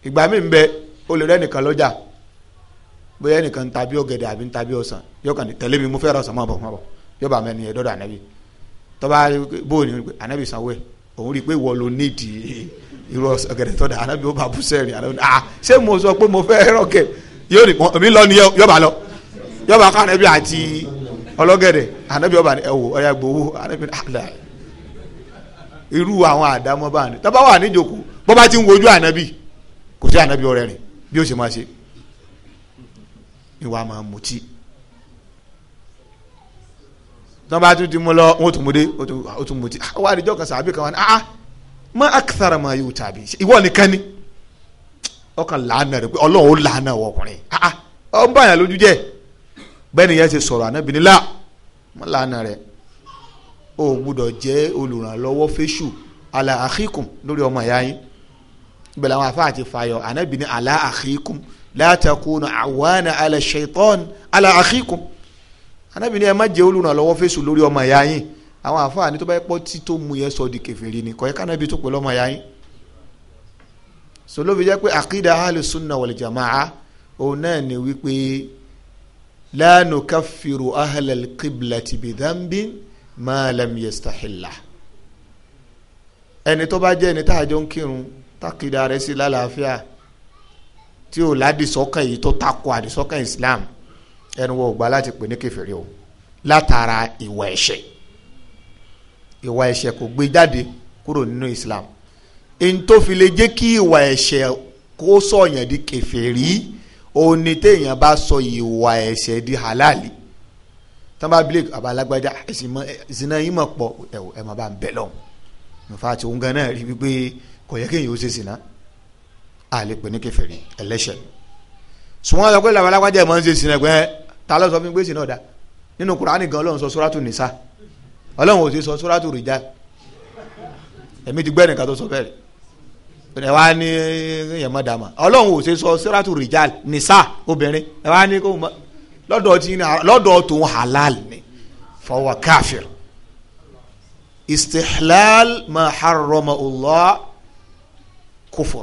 ìgbà mi ń bẹ́ẹ̀ o lè rẹ́ nìkan lọ́jà bóyá nìkan ń tàbí ọ̀gẹ̀dẹ̀ àbí ń tàbí ọ̀sán yóò kàn ní tẹ̀lé mi mo fẹ́ ra ọ̀sán mọ́ bọ̀ mọ́ bọ̀ yóò bá mẹ́ni ẹ̀dọ́dọ̀ ànábì tọ́ba bóyá ni ànábì sanwó ẹ̀ òun rí i pé ìwọ ló nídìí irú ọ̀gẹ̀dẹ̀ tọ́da ànábì ó bá bú sẹ́rìn ànábì ah ṣé mo sọ pé mo fẹ́ rọ̀kẹ̀ yóò ní mi lọ ni yóò bá irú àwọn àdámọ́ bá ní tọ́ba wà níjòkó bọ́ba ti ń wojú ànábì kò sí ànábì ọ̀rẹ́ rìn bí ó ṣe máa ṣe ìwà máa mutí tán bá tún ti mú lọ wọn ò tún mú dé ó tún mutí wà á di jọ́kan sàbí kan wà ní ah, ah má akitara máa yóò tàbí ìwọ nìkan ni ọkàn làánà rẹ pé ọlọ́run ó làánà wọ ọkùnrin ah ọ ah, ń lójú jẹ bẹ́ẹ̀ nìyẹn ṣe sọ̀rọ̀ ànábìnilá má làánà rẹ o gbúdọ̀ jẹ́ olùrànlọ́wọ́ fẹ́ṣù alàáhíkùn lórí ọmọ ìyá yín bẹ̀rẹ̀ àwọn afa àti fayọ anabi ni ala akhikum la takunu awana ala shaitan ala akhikum anabi ni ẹ má jẹ́ olùrànlọ́wọ́ fèsù lórí ọmọ ìyá yín àwọn afa ni tó bá yẹ pọ́ tí tó mu yẹn sọ di kèfèrí ni kọ̀yẹ́ kánabi tó pẹ̀lú ọmọ ìyá yín sọlọ́bi jẹ́ pé akida ahlu sunna wal jamaa òun náà ni wípé la nukaffiru ahlal qiblati bidhanbin ma lam yastahilla ẹni tó bá jẹ́ ẹni tá a jọ ń kírun takida rẹ̀ sí lálàáfíà tí ò ládìsọ́kàn yìí tó takò àdìsọ́kàn Islam ẹnu wo gbà láti pè ní kèfèrí o látara ìwà ẹ̀ṣẹ̀ ìwà ẹ̀ṣẹ̀ kò gbé jáde kúrò nínú Islam èyí tó fi lè jẹ́ kí ìwà ẹ̀ṣẹ̀ kó sọ̀yàn di kèfèrí òun ni téèyàn bá sọ ìwà ẹ̀ṣẹ̀ di halali tán bá bilẹ̀ abalágbájá ìsìnà yìí mọ̀ pọ̀ ẹ̀wọ̀ ẹ̀ mọ̀ bá ń bẹ̀ lọ́hùn nfa àti òun gan náà rí wípé kò yẹ kéèyàn ó ṣe sìnà a lè pè ní kèfèrí ẹlẹ́ṣẹ̀ sùnwọ́n sọ pé labalábá jẹ́ máa ń ṣe sìnà ẹgbẹ́ ta ló sọ fún mi pé sìnà ọ̀dà nínú kuraani gan ọlọ́run sọ suratu nisa ọlọ́run ò sì sọ suratu rìjà èmi ti gbẹ́ nìkan tó sọ bẹ́ẹ̀ ẹ wá ní yẹn mọ́ dàmà ọlọ́run ò sì sọ suratu rìjà nisa obìnrin ẹ wá ní kó mọ́ lọ́dọ̀ tí lọ́dọ̀ tó ń halal ni fawa kafir istihlal ma harrama kófò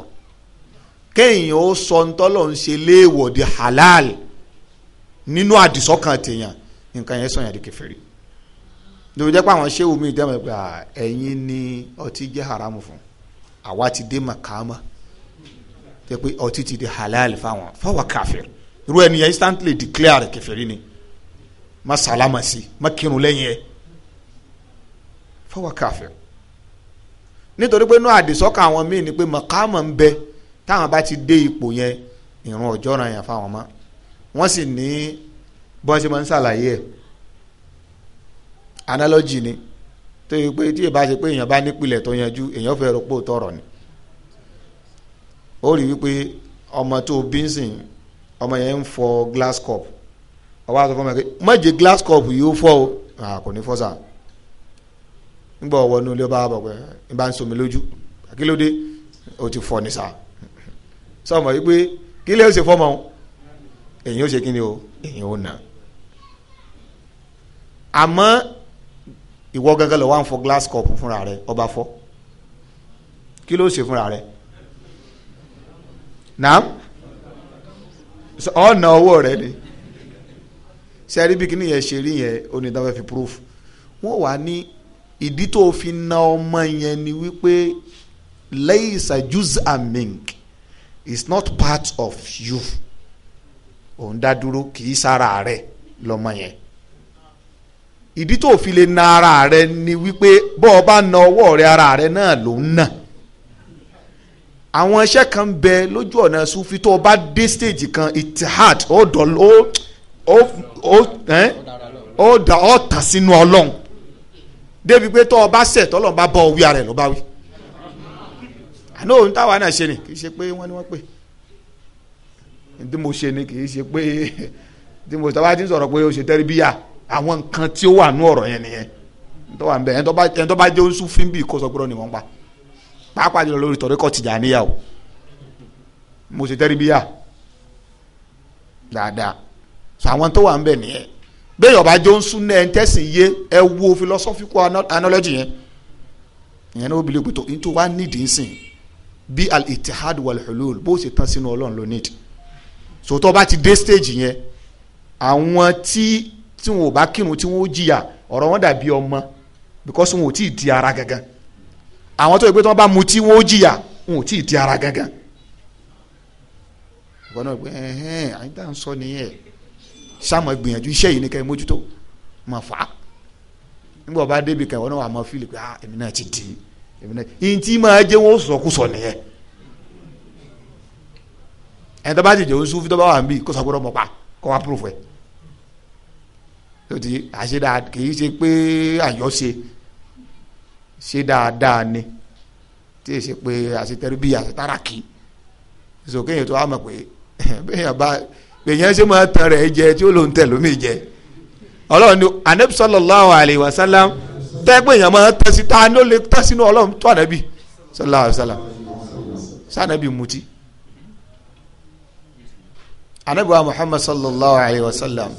kéèyàn ó sọ ntọ́lọ̀ ń ṣe léèwọ̀ halal nínú àdìsọ́kàn tèèyàn nǹkan yẹn sọ̀yàn di kèfèrí lórí jẹ́ pé àwọn ṣéwù mi dẹ́mọ̀ pé ẹ̀yin ni ọtí jẹ́ haramu fún àwa ti dé màkàmá jẹ́ pé ọtí ti di halal fáwọn fáwọn kàfẹ́rì irú ẹni yẹn instantly declare kèfèrí ni má sálámà sí má kírun lẹ́yìn ẹ̀ fáwọn kàfẹ́rì nítorí pé inú àdìsọ́kàn àwọn míì ni pé mọ̀kámọ̀ ń bẹ táwọn bá ti dé ipò yẹn ìrun ọjọ́ ra yàn fáwọn mọ́ wọ́n sì ní bí wọ́n ṣe máa ń ṣàlàyé ẹ̀ analogy ni tó yẹ pé tí èèyàn bá ṣe pé èèyàn bá nípìnlẹ̀ tó yanjú èèyàn fẹ́ rọpò tọrọ ni ó rí wípé ọmọ tó bí ń sìn ọmọ yẹn ń fọ glass cup ọba àti ọmọ yẹn pé má glass cup yìí ó fọ́ o kò ní fọ́ sáà nígbà ọwọ́ inú ilé ọba bọ̀ pé n bá ń somi lójú àkílódé o ti fọ ní sa sọmọ yìí pé kí lè o ṣe fọmọ o èyí ò ṣe kí ni o èyí ò nà àmọ́ ìwọ gángan lọ wá ń fọ glass cup fúnra rẹ ọba fọ kí ló ṣe fúnra rẹ naam ọ̀nà ọwọ́ rẹ ni ṣe àríbí kí ni yẹn ṣe rí yẹn onídàáfẹ́ fi proof wọ́n wà ní ìdí tó fi na ọmọ yẹn ni wípé laysa juz'an mink is not part of you òun dá dúró kì í sára rẹ lọmọ yẹn ìdí tó fi lè na ara rẹ ni wípé bó o bá na ọwọ́ rẹ ara rẹ náà ló ń nà àwọn iṣẹ́ kan bẹ lójú ọ̀nà sufi tó o bá dé stage kan itihad ó dọ̀ ó ó ó ó tà sínú ọlọ́run débi pé tọ́ ọ bá ṣẹ̀ tọ́lọ̀ bá bọ́ wí ara ẹ̀ ló bá wí. àná òun táwa náà ṣe ni kì í ṣe pé wọ́n ni wọ́n pè tí mo ṣe ni kì í ṣe pé tí mo tọ́ba ti ń sọ̀rọ̀ pé o ṣe tẹ́rìbíyà àwọn nǹkan tí ó wà nú ọ̀rọ̀ yẹn nìyẹn tó wà ń bẹ ẹni tó bá jẹ́ oṣù fínbì kó sọ gbọ́dọ̀ ni pa pàápàá jùlọ lórí tọ̀ríkọ̀ Tìjàníyà o mo ṣe tẹ́rìbíyà dáadáa sọ àwọn tó wà ń bẹ nìyẹn bẹ́ẹ̀ ọba jó ń sún náà ẹ̀ ń tẹ̀sìn yé ẹ wo philosophical analogy yẹn ìyẹn náà ó bilẹ̀ pẹ̀tọ́ ní tó wá nídìí ń sìn bí al-ittihad wal-hulul bó ṣe tán sínú ọlọ́run ló nídìí sòtọ́ bá ti dé stage yẹn àwọn tí tí wọn ò bá kírun tí wọn ó jìyà ọ̀rọ̀ wọn dàbí ọmọ because wọn ò tí ì di ara gangan àwọn tó yẹ pé tí wọn bá mutí wọn ó jìyà wọn ò tí ì di ara gangan. ìwọ náà gbé ẹhẹn àyíká ń sọ nìyẹn sáàmù gbìyànjú iṣẹ́ yìí ni kẹ́ ẹ mójútó mà fà á nígbà wọn bá débi kẹ́ ẹ wọn náà wà fílì pé ah èmi náà ti di èmi náà yìí tí máa jẹ́ wọn ó nìyẹn ẹni tó bá jẹjẹ oṣù fi tó bá wà ń bì kó sọgbọ́dọ̀ mọ̀ pa kó wá tó ti àṣedà kì í ṣe pé àyọ̀ṣe ṣe dáadáa ni tí ì ṣe pé àṣetẹrú bíi tó wà gbèyàn ṣe máa tan rẹ̀ jẹ tí ó lòún tẹ̀ lómi jẹ ọlọ́run ni anabi sallallahu alayhi wa sallam tẹ́gbẹ́ èèyàn máa tẹ́ sí ta ló lè tẹ́ sínú ọlọ́run tó ànábì sallallahu alayhi wa sallam sànábì mutí anabi wa muhammad sallallahu alayhi wa sallam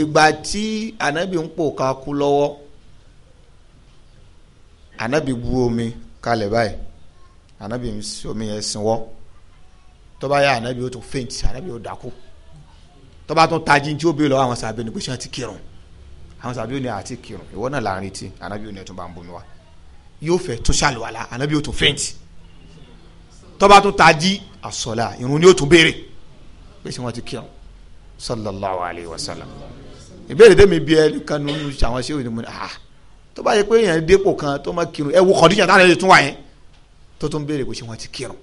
ìgbà tí anabi ń pò ká kú lọ́wọ́ anabi bu omi kalẹ̀ báyìí anabi omi yẹn sinwọ́ tó bá anabi ó tó faint anabi ó dákú tọ́ba tún tají tí ó bí lọ àwọn sàbẹ̀ ni pé ṣé wọ́n ti kírun àwọn sàbẹ̀ ni àti kírun ìwọ náà láàrin tí ànábì ni ẹ̀tún bá ń bomi wa yóò fẹ́ tún ṣàlùwàlà ànábì yóò tún fẹ́ǹtì tọ́ba tún tají àsọ̀là irun ni yóò tún béèrè pé ṣé ti kírun sallallahu alayhi wa sallam ìbéèrè tẹ́mi bí ẹ kan nínú àwọn ṣé òní mu ni ah tó bá yẹ pé èèyàn dépò kan tó má kírun ẹ wo kọ̀díjà táwọn ẹ̀rẹ́ tún wà yẹn tó tún béèrè pé ṣé wọ́n ti kírun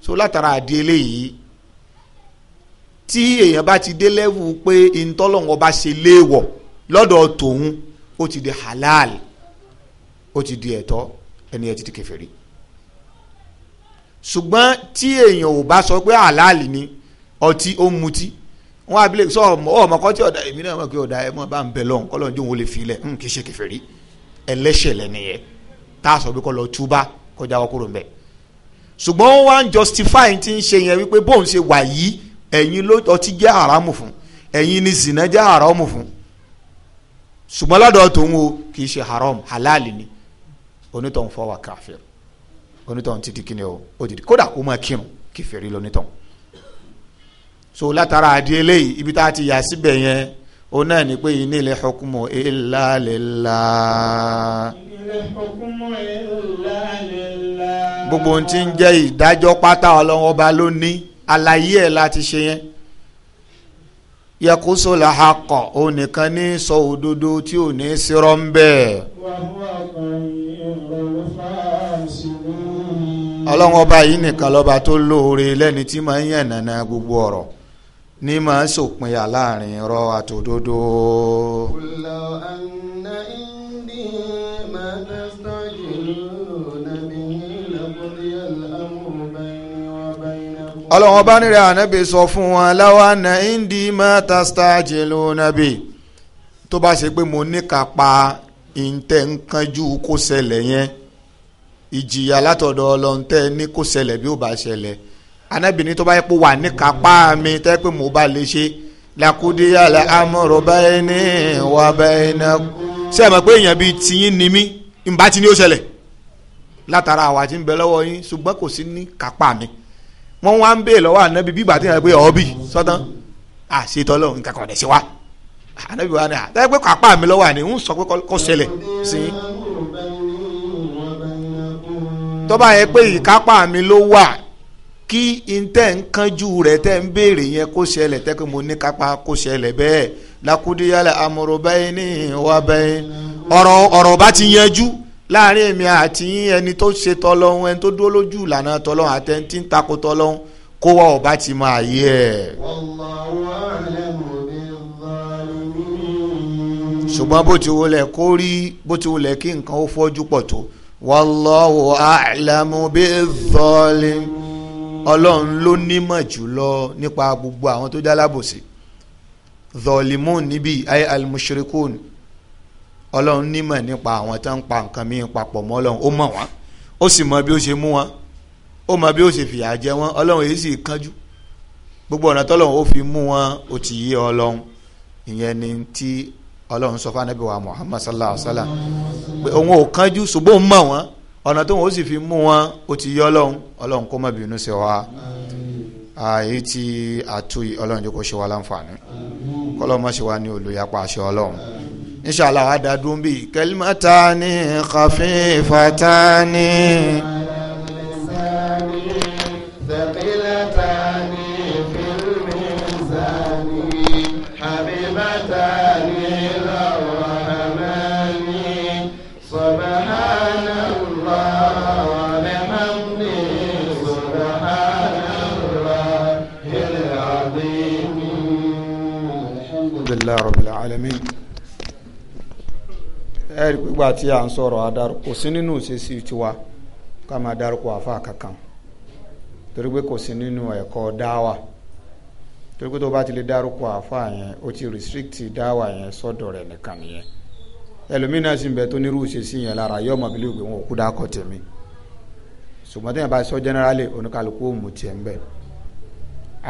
so látara àdé tí èèyàn bá ti dé lẹ́wù pé ìtọ́lọ́wọ́n bá ṣe léèwọ̀ lọ́dọ̀ tòun ó ti di halal ó ti di ẹ̀tọ́ ẹni ẹ ti di kèfèrí ṣùgbọ́n tí èèyàn ò bá sọ pé halal ni ọtí ó ń mutí wọn abilé sọ ọmọ ọmọkọ tí ọ̀dà èmi náà mọ̀ pé ọ̀dà ẹ̀ mọ̀ bá ń bẹ̀ lọ́hùn kọ́lọ́n jó wọn lè fi ilẹ̀ ń hmm, kì í ṣe kèfèrí ẹlẹ́ṣẹ̀ lẹ́nìyẹn tá a sọ pé kọ́ lọ túbá kọjá wọ́n ń bẹ̀ ṣùgbọ́n wọ́n justify ti ń ṣe yẹn wípé bóun ṣe wà yìí ẹ̀yin ló ọtí jẹ́ haramu fún ẹ̀yin ni zina jẹ́ haramu fún ṣùgbọ́n lọ́dọ̀ tòun o kì í ṣe haram halal ni onítọ̀hún fọwọ́ káfíìn onítọ̀hún ti di kíni o ó di kódà kó máa kírun kèfèrí lónítọ̀hún so látara àdí eléyìí ibi tá a ti yà síbẹ̀ yẹn o náà ní pé inú ilé hukumu illa lillah. ilé gbogbo ohun ń jẹ́ ìdájọ́ pátá ọlọ́wọ́ ọba àlàyé ẹ̀ láti ṣe yẹn yakuso la ha kọ òun nìkan ní sọ òdodo tí ò ní sírọ́ ń bẹ́ẹ̀. ọlọ́run ọba yìí nìkan lọ́ba tó lóore lẹ́ni tí máa ń yànnàna gbogbo ọ̀rọ̀ ní máa ń ṣòpinya láàrin àtòdodo. ọlọ́wọ́n bá nírẹ̀ ànábì sọ fún wọn láwa na indi mata stage ló nàbì tó bá ṣe pé mo níkàápa ìǹtẹ̀ ńkanjú kó ṣẹlẹ̀ yẹn ìjìyà látọ̀dọ̀ ọlọ́ǹtẹ̀ ní kó ṣẹlẹ̀ bí ó bá ṣẹlẹ̀ ànábì ní tó bá yẹ pé wà níkàápa mi tẹ́ pé mo bá lè ṣe lakudiya amúrò báyìí ní wà báyìí náà ṣé ẹ mọ̀ pé èèyàn bíi tiyín ni mí ìbá ti ó ṣẹlẹ̀ látara àwa ń bẹ lọ́wọ́ yín ṣùgbọ́n kò sí ní kápá mi wọ́n wá ń bèè lọ́wọ́ ànábi bí gbàtí yàrá pé ọ̀ọ́bì sọ́tàn à ṣètò ọlọ́run nǹkan kan ọ̀dẹ̀ sí wa ànábi wa ni à tẹ́ pé kápá mi lọ́wọ́ àní ń sọ pé kó ṣẹlẹ̀ sí i tọ́ba yẹ pé ìkápá mi ló wà kí ntẹ́ ń kánjú rẹ̀ tẹ́ ń béèrè yẹn kó ṣẹlẹ̀ tẹ́ pé mo ní kápá kó ṣẹlẹ̀ bẹ́ẹ̀ lakudiyala amúrò báyìí ní ìwà ọ̀rọ̀ ọ̀rọ̀ bá ti yanjú láàrin èmi àti yín ẹni tó ṣe tọlọ́hún ẹni tó dúró lójú ìlànà tọlọ́hún àti ẹni tí ń takò tọlọ́hún kó wa ọba ti máa yẹ ẹ. ṣùgbọ́n bó ti wọlé kó rí bó ti wọlé kí nǹkan ó fọ́jú pọ̀ tó wallahu a'lamu biz-zalim ọlọ́run ló nímọ̀ jùlọ nípa gbogbo àwọn tó jẹ́ alábòsí zọlimún níbi ayé al-mushrikun ọlọ́run nímọ̀ nípa àwọn tó ń pa nǹkan papọ̀ mọ́ ọlọ́run ó mọ̀ wọ́n ó sì mọ bí ó ṣe mú wọn ó mọ bí ó ṣe fìyà jẹ wọn ọlọ́run èyí sì kánjú gbogbo ọ̀nà tọ́lọ́run ó fi mú wọn ó ti yé ọlọ́run ìyẹn ni tí ọlọ́run sọ fún Muhammad sallallahu ọ̀nà tó sì fi mú wọn ó ti ọlọ́run. inshallah àdàdúnbí kẹlímọ́tà ní kàfífàtà ní. ẹ̀rí pípa tí à ń sọ̀rọ̀ adarúkọ kò sí nínú ìṣesí tiwa ká máa dárúkọ àfa kankan torí pé kò sí nínú ẹ̀kọ́ dáwà torí pé tó bá ti lè dárúkọ àfa yẹn ó ti restrict dáwà yẹn sọ́dọ̀ rẹ̀ nìkan nìyẹn ẹlòmínà sì ń bẹ tó nírú ìṣesí yẹn lára yọ ọmọ abilé ògbé wọn ò kú dákọ tèmi ṣùgbọ́n tí yẹn bá sọ generally oníkàlùkù ò mú tiẹ̀ ń bẹ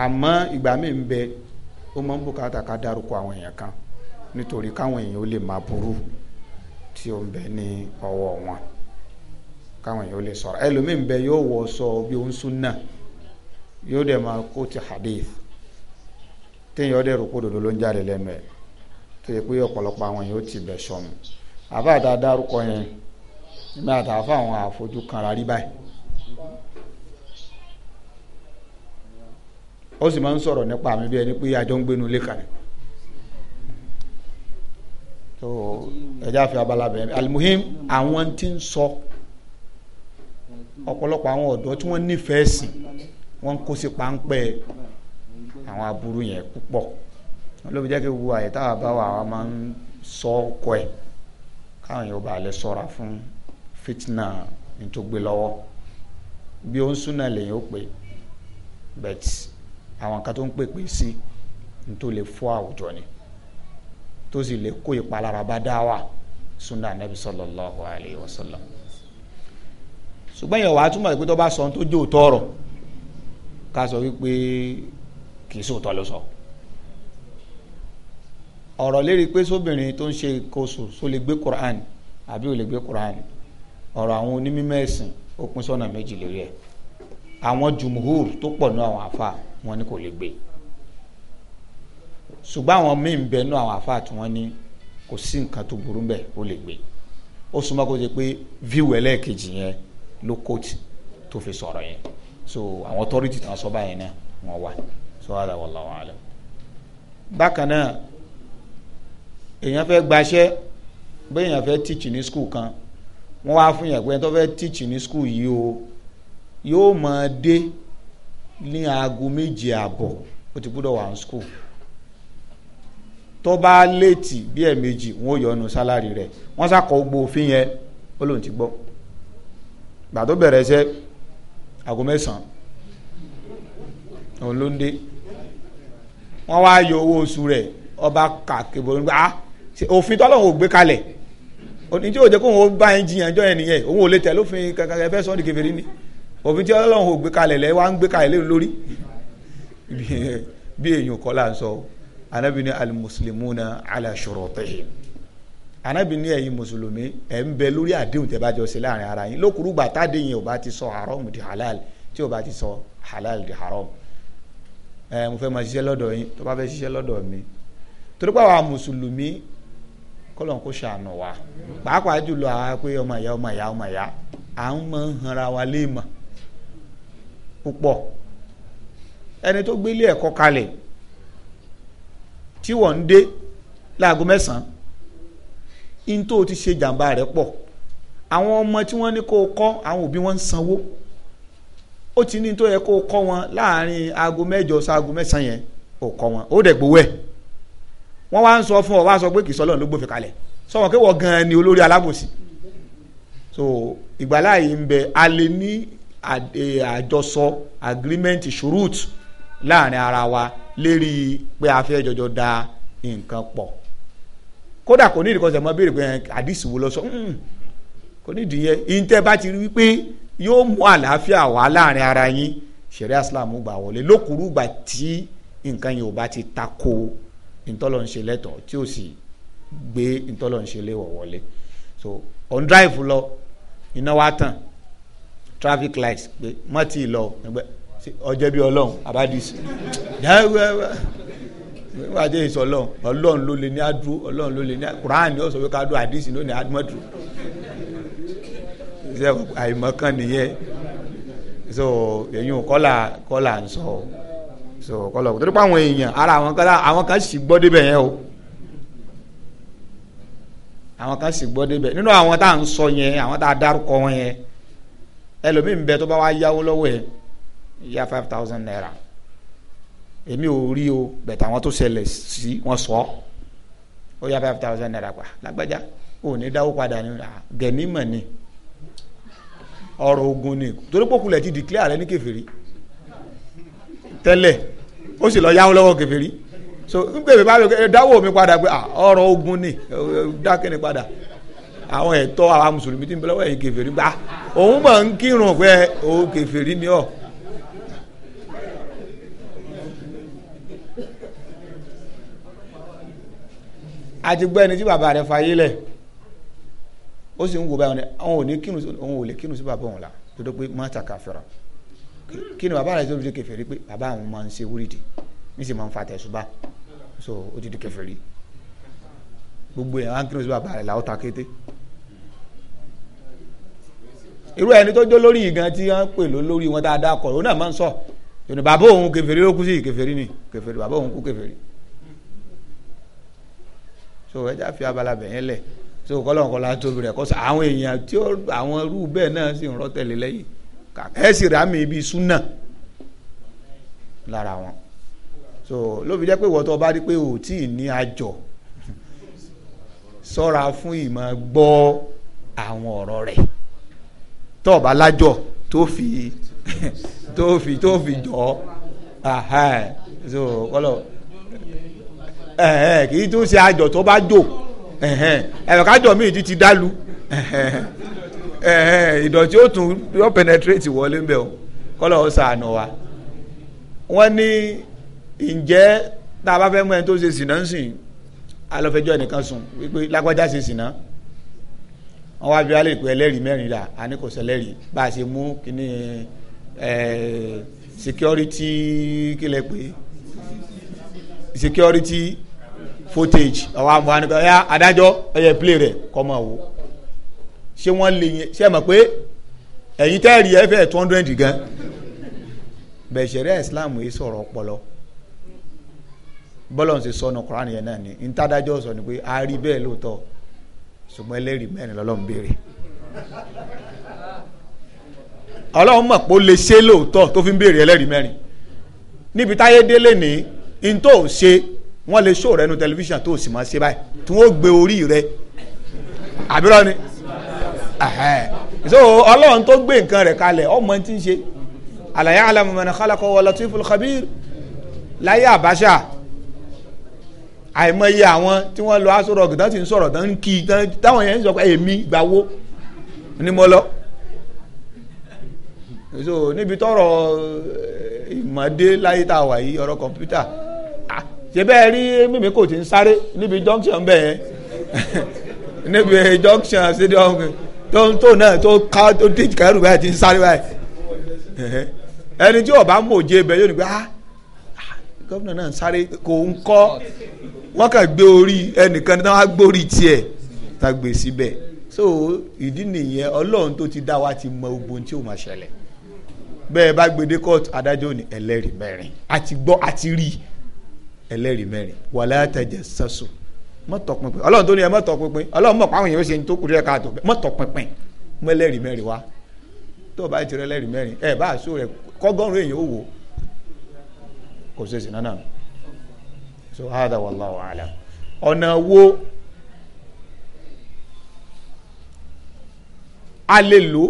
àmọ́ ìgbà mi ń bẹ ó máa ń bùkátà ká dárúkọ àwọn èèyàn kan nítorí káwọn èèyàn ó lè máa burú tí o ń bẹ ní ọwọ́ wọn káwọn èèyàn lè sọ̀rọ̀ ẹlòmíín bẹ yóò wọ sọ bí ó ń súnà yóò dẹ̀ máa kó ti hadith téèyàn dẹ̀ rò pé òdodo ló ń jáde lẹ́nu ẹ̀ tó yẹ pé ọ̀pọ̀lọpọ̀ àwọn èèyàn ti bẹ̀ sọnù àbá àtà dárúkọ yẹn nígbà a fáwọn àfojú kan rárí báyìí ó sì máa ń sọ̀rọ̀ nípa bí ẹni pé àjọ ń gbénu lé ni. so ẹja fi abala bẹ̀rẹ̀ alimuhim àwọn tí ń sọ ọ̀pọ̀lọpọ̀ àwọn ọ̀dọ́ tí wọ́n nífẹ̀ẹ́ sí wọ́n ń kó sí páńpẹ́ àwọn aburú yẹn púpọ̀ olóbi jẹ́ kí gbogbo àyè táwa bá wà wá máa ń sọ ọkọ ẹ̀ káwọn yóò bá lè sọ̀ra fún fitna nítògbé lọ́wọ́ bí ó ń súnà lèyìn ó pè bẹ́ẹ̀ àwọn kan tó ń pèpè sí nítorí lè àwùjọ ni tó sì lè kó ìpalára bá dá wa sunna anabi sallallahu alayhi wa sallam ṣùgbọ́n yẹn wàá túmọ̀ pé tó bá sọ tó jò tọrọ ká sọ wípé kì í sòótọ́ ló sọ ọ̀rọ̀ lérí pé sóbìnrin tó ń ṣe ìkóso só lè gbé Qur'an àbí ò lè gbé Qur'an ọ̀rọ̀ àwọn onímọ̀ ẹ̀sìn ó pín sọ́nà méjì lérí ẹ̀ àwọn jùmùhúr tó pọ̀ nù àwọn àfa wọn ni kò lè gbé e ṣùgbọ́n àwọn míì ń bẹ nú àwọn àfáà tí wọ́n ní kò sí nǹkan tó burú bẹ́ẹ̀ ó lè gbé ó súnmọ́ kó ṣe pé fíwù ẹlẹ́ẹ̀kejì yẹn ló kóòtù tó fi sọ̀rọ̀ yẹn so àwọn authority tàn sọ báyìí náà wọ́n wà so wàhálà wallahu alam. bákan náà èèyàn fẹ́ gbaṣẹ́ bẹ́ẹ̀ èèyàn fẹ́ teach ní school kan wọ́n wá fún yẹn pé ẹni tó fẹ́ teach ní school yìí o yóò máa dé ní aago méje àbọ̀ ó ti gbọ́dọ̀ wà ní school tó bá léètì bí ẹ̀ẹ̀mejì wọn ò yọnu sálárì rẹ̀ wọ́n sàkọ́ gbogbo òfin yẹn ó lóun ti gbọ́ gbà tó bẹ̀rẹ̀ iṣẹ́ aago mẹ́sàn-án òun ló ń dé wọ́n wá yọ owó oṣù rẹ̀ ọba kàkébọ̀ nígbà á ah, òfin tọ́lọ́hún ò gbé kalẹ̀ òní tí ò jẹ́ kó òun bá yín jiyàn jọ́ yẹn òun ò lè tẹ̀ lófin kankan ẹ fẹ́ sọ́ọ́ di kèfèrí ni òfin tí ọlọ́hún ò gbé kalẹ̀ lẹ́ wá ń gbé kalẹ̀ lórí bí èèyàn kọ́ là ń sọ o anabi ni alimusulimuna ala shurutihim anabi ni ẹ̀yin mùsùlùmí ẹ ń bẹ lórí àdéhùn tẹ́ bá jọ ṣe láàrin ara yín lókùrú gbàtà déyìn ò bá ti sọ haram di halal tí ò bá ti sọ halal di haram ẹ mo fẹ́ máa ṣiṣẹ́ lọ́dọ̀ yín tó bá fẹ́ ṣiṣẹ́ lọ́dọ̀ mi torí pé àwa mùsùlùmí kọ́lọ́n kó wa pàápàá jùlọ àwa pé ọmọ ìyá ọmọ ìyá ọmọ ìyá à ń mọ hanra wa púpọ̀ ẹni tó gbélé ẹ̀kọ́ kalẹ̀ tí wọ́n ń dé láago mẹ́sàn-án in tó o ti ṣe jàǹbá rẹ̀ pọ̀ àwọn ọmọ tí wọ́n ní kó o kọ́ àwọn òbí wọn ń sanwó ó ti ní tó yẹ kó o kọ́ wọn láàrin aago mẹ́jọ sí mẹ́sàn-án yẹn ò kọ́ wọn ó dẹ̀ gbowó ẹ̀ wọ́n wá ń sọ fún ọ wá sọ pé kìí sọlọ́run ló gbòfin kalẹ̀ sọ wọn gan-an ni olórí alábòsí so ìgbàláyé ń bẹ a lè ní àjọsọ agreement shurut láàrin ara wa lérí pé a fẹ́ jọjọ da nǹkan pọ̀ kódà kò ní ìdíkọ̀sẹ̀ mọ́ béèrè pé àdìsí wo lọ sọ hmm, kò ní ìdíyẹ ìǹtẹ́ bá ti rí wípé yóò mú àlàáfíà wá láàrin ara yín ṣẹ̀ríà Islam gbà wọlé lókùrú gbà tí nǹkan yìí ò bá ti tako ntọ́lọ̀ ń ṣe lẹ́tọ̀ọ́ tí ó sì gbé ntọ́lọ̀ ń ṣe léwọ̀ wọlé so on drive lọ iná wa tàn traffic light pé mọ́tì lọ ẹgbẹ́ ọjọ́ bí ọlọ́run abadis wájú èso ọlọ́run ọlọ́run ló lè ní adúró ọlọ́run ló lè ní Quran ni ó sọ pé ká dúró àdìsí ló ní adúmọ̀dúró àìmọ̀kan nìyẹn so èyí kọ́là kọ́là ń sọ so kọ́là kò tó dípò àwọn èèyàn ara àwọn kan àwọn kan sì gbọ́ débẹ̀ yẹn o àwọn kan sì gbọ́ débẹ̀ nínú àwọn tá à ń sọ yẹn àwọn tá a dárúkọ wọn yẹn ẹlòmíín bẹ tó bá wá yáwó lọ́wọ́ yẹn yá five thousand naira èmi ò rí o bẹ̀tẹ̀ àwọn tó ṣẹlẹ̀ sí wọ́n sọ ó yá five thousand naira pa lágbájá ò ní dáwó padà ní gẹ̀nímọ̀ ni ọ̀rọ̀ ogun ni torí pòkulẹ̀ ti dìklẹ́ rẹ ní kẹfìrí tẹ́lẹ̀ ó sì lọ yáwó lọ́wọ́ kẹfìrí so n gbèbè bá dáwó mi padà pé ọ̀rọ̀ ogun ni dákẹ́ ni padà àwọn ẹ̀tọ́ àwọn mùsùlùmí ti ń bẹ lọ́wọ́ ẹ̀yìn kẹfìrí gbà òun mọ̀ ń kírun pé o kẹfìrí ni ọ́ àti gbọ́ ẹni tí bàbá rẹ̀ fayé lẹ̀ ó sì ń wo báyìí òun ò ní kírun òun ò lè kírun sí bàbá òun la tó tó pé mọ́tà káfíra kí ni bàbá rẹ̀ tó fi kèfèrí pé bàbá òun máa ń ṣe wúrídì ní sì máa ń fa tẹ̀sùbá so ó ti di kèfèrí gbogbo yẹn wá ń kírun sí bàbá rẹ̀ làwọn ta kété irú ẹni tó jó lórí ìgan tí wọ́n pè ló lórí wọn dáadáa kọ̀ òun náà máa ń sọ bàbá òun kèfèrí ló kú sí kèfèrí ni kèfèrí bàbá òun kú kèfèrí so ẹ já fi abala bẹ̀yẹn lẹ̀ so kọ́lọ́n kọ́lá tóbi rẹ̀ kọ́sà àwọn èèyàn tí àwọn irú bẹ́ẹ̀ náà sì ń rọ́tẹ̀lé lẹ́yìn ẹ sì rà mí ibi súnà lára wọn so ló fi jẹ́ pé wọ́tọ́ bá rí pé ò tí ì ní àjọ sọ́ra fún ìmọ̀ gbọ́ àwọn ọ̀rọ̀ rẹ̀ tọ́ọ̀bá lájọ tó fi tó fi tó fi jọ so kọ́lọ́ kì í tún ṣe àjọ tó bá jò ẹ̀rọ kájọ míì ti ti dálu ìdọ̀tí ó tún yóò penetrate wọlé mbẹ́ o kọ́lọ̀ ó sàánú wa wọ́n ní ǹjẹ́ tá a bá fẹ́ mú ẹni tó ṣe sìnà ń sìn alọ́fẹ́jọ́ ẹnìkan sùn wípé lágbájá ṣe sìnà wọ́n wá bí wálé ìpè ẹlẹ́rìí mẹ́rin là a ní kò sẹ́lẹ́rìí bá a ṣe mú kíní security kílẹ̀ pé security footage àwọn àmọ́ àni ya adájọ́ ẹ̀yẹ play rẹ̀ kọ́ máa wò ṣé wọ́n lè yẹn ṣé ẹ mọ̀ pé ẹ̀yin tẹ́ẹ̀rì ẹ fẹ́ two hundred gan bẹ̀ṣẹ̀rẹ̀ Islam yìí sọ̀rọ̀ ọpọlọ bọ́lọ̀n ṣe sọnù Quran yẹn náà ni ntàdájọ́ sọ ni pé a rí bẹ́ẹ̀ lóòótọ́ ṣùgbọ́n ẹlẹ́rìí mẹ́rin lọ́lọ́run béèrè ọlọ́run mọ̀ pé ó lè ṣe lóòótọ́ tó fi ń béèrè ẹlẹ́rìí mẹ́rin níbi táyé délé ní ntòòṣe wọ́n lè ṣó rẹ nu tẹlifíṣàn tó sì máa ṣe báyìí tí wọ́n gbé orí rẹ àbúrò ni so ọlọ́run tó gbé nǹkan rẹ̀ kalẹ̀ ọmọ tí ń ṣe àlàyé alamọ̀mọ̀nà kálákọ̀ wọlé tó ìfúlù kabir láyé àbáṣà àìmọye àwọn tí wọ́n lọ aṣọ rọ̀gì tán ti ń sọ̀rọ̀ tán ń kí táwọn yẹn ń sọ pé èmi gbàwó ni mo lọ so níbi tọrọ eh, ìmọ̀dé láyé tá a wà yìí ọ̀rọ̀ kọ̀mpútà ṣebẹ́ rí mímí kò ti ń sáré níbi junction bẹ́ẹ̀ níbi junction stadium tó ń tó náà tó ká tó dé kẹrù báyìí ti ń sáré báyìí ẹni tí ọba mòye bẹ yóò ní pé ah gómìnà náà ń sáré kò ń kọ́ wọ́n kàn gbé orí ẹnìkan náà wá gbórí tiẹ̀ tá gbé síbẹ̀ so ìdí nìyẹn ọlọ́run tó ti dá wa ti mọ ogun tí ò máa ṣẹlẹ̀ bẹ́ẹ̀ bá gbé dé court adájọ́ ní ẹlẹ́rìí mẹ́rin àti gbọ́ àti rí i ẹlẹ́rìí mẹ́rin wàlá tẹ̀jẹ̀ sẹ́sù mọ́tọ̀pinpin ọlọ́run tó ní ẹ mọ́tọ̀pinpin ọlọ́run mọ̀ pàwọn èèyàn ṣe ń tó kúrẹ́ káàtó mọ́tọ̀pinpin mọ́ ẹlẹ́rìí mẹ́rin wá tó o bá ti rẹ ẹlẹ́rìí mẹ́rin ẹ bá aṣọ rẹ kọ́gọ́rùn èèyàn ó wò kò ṣe sí nánà so hada wallahu alam ọ̀nà wo a lè lò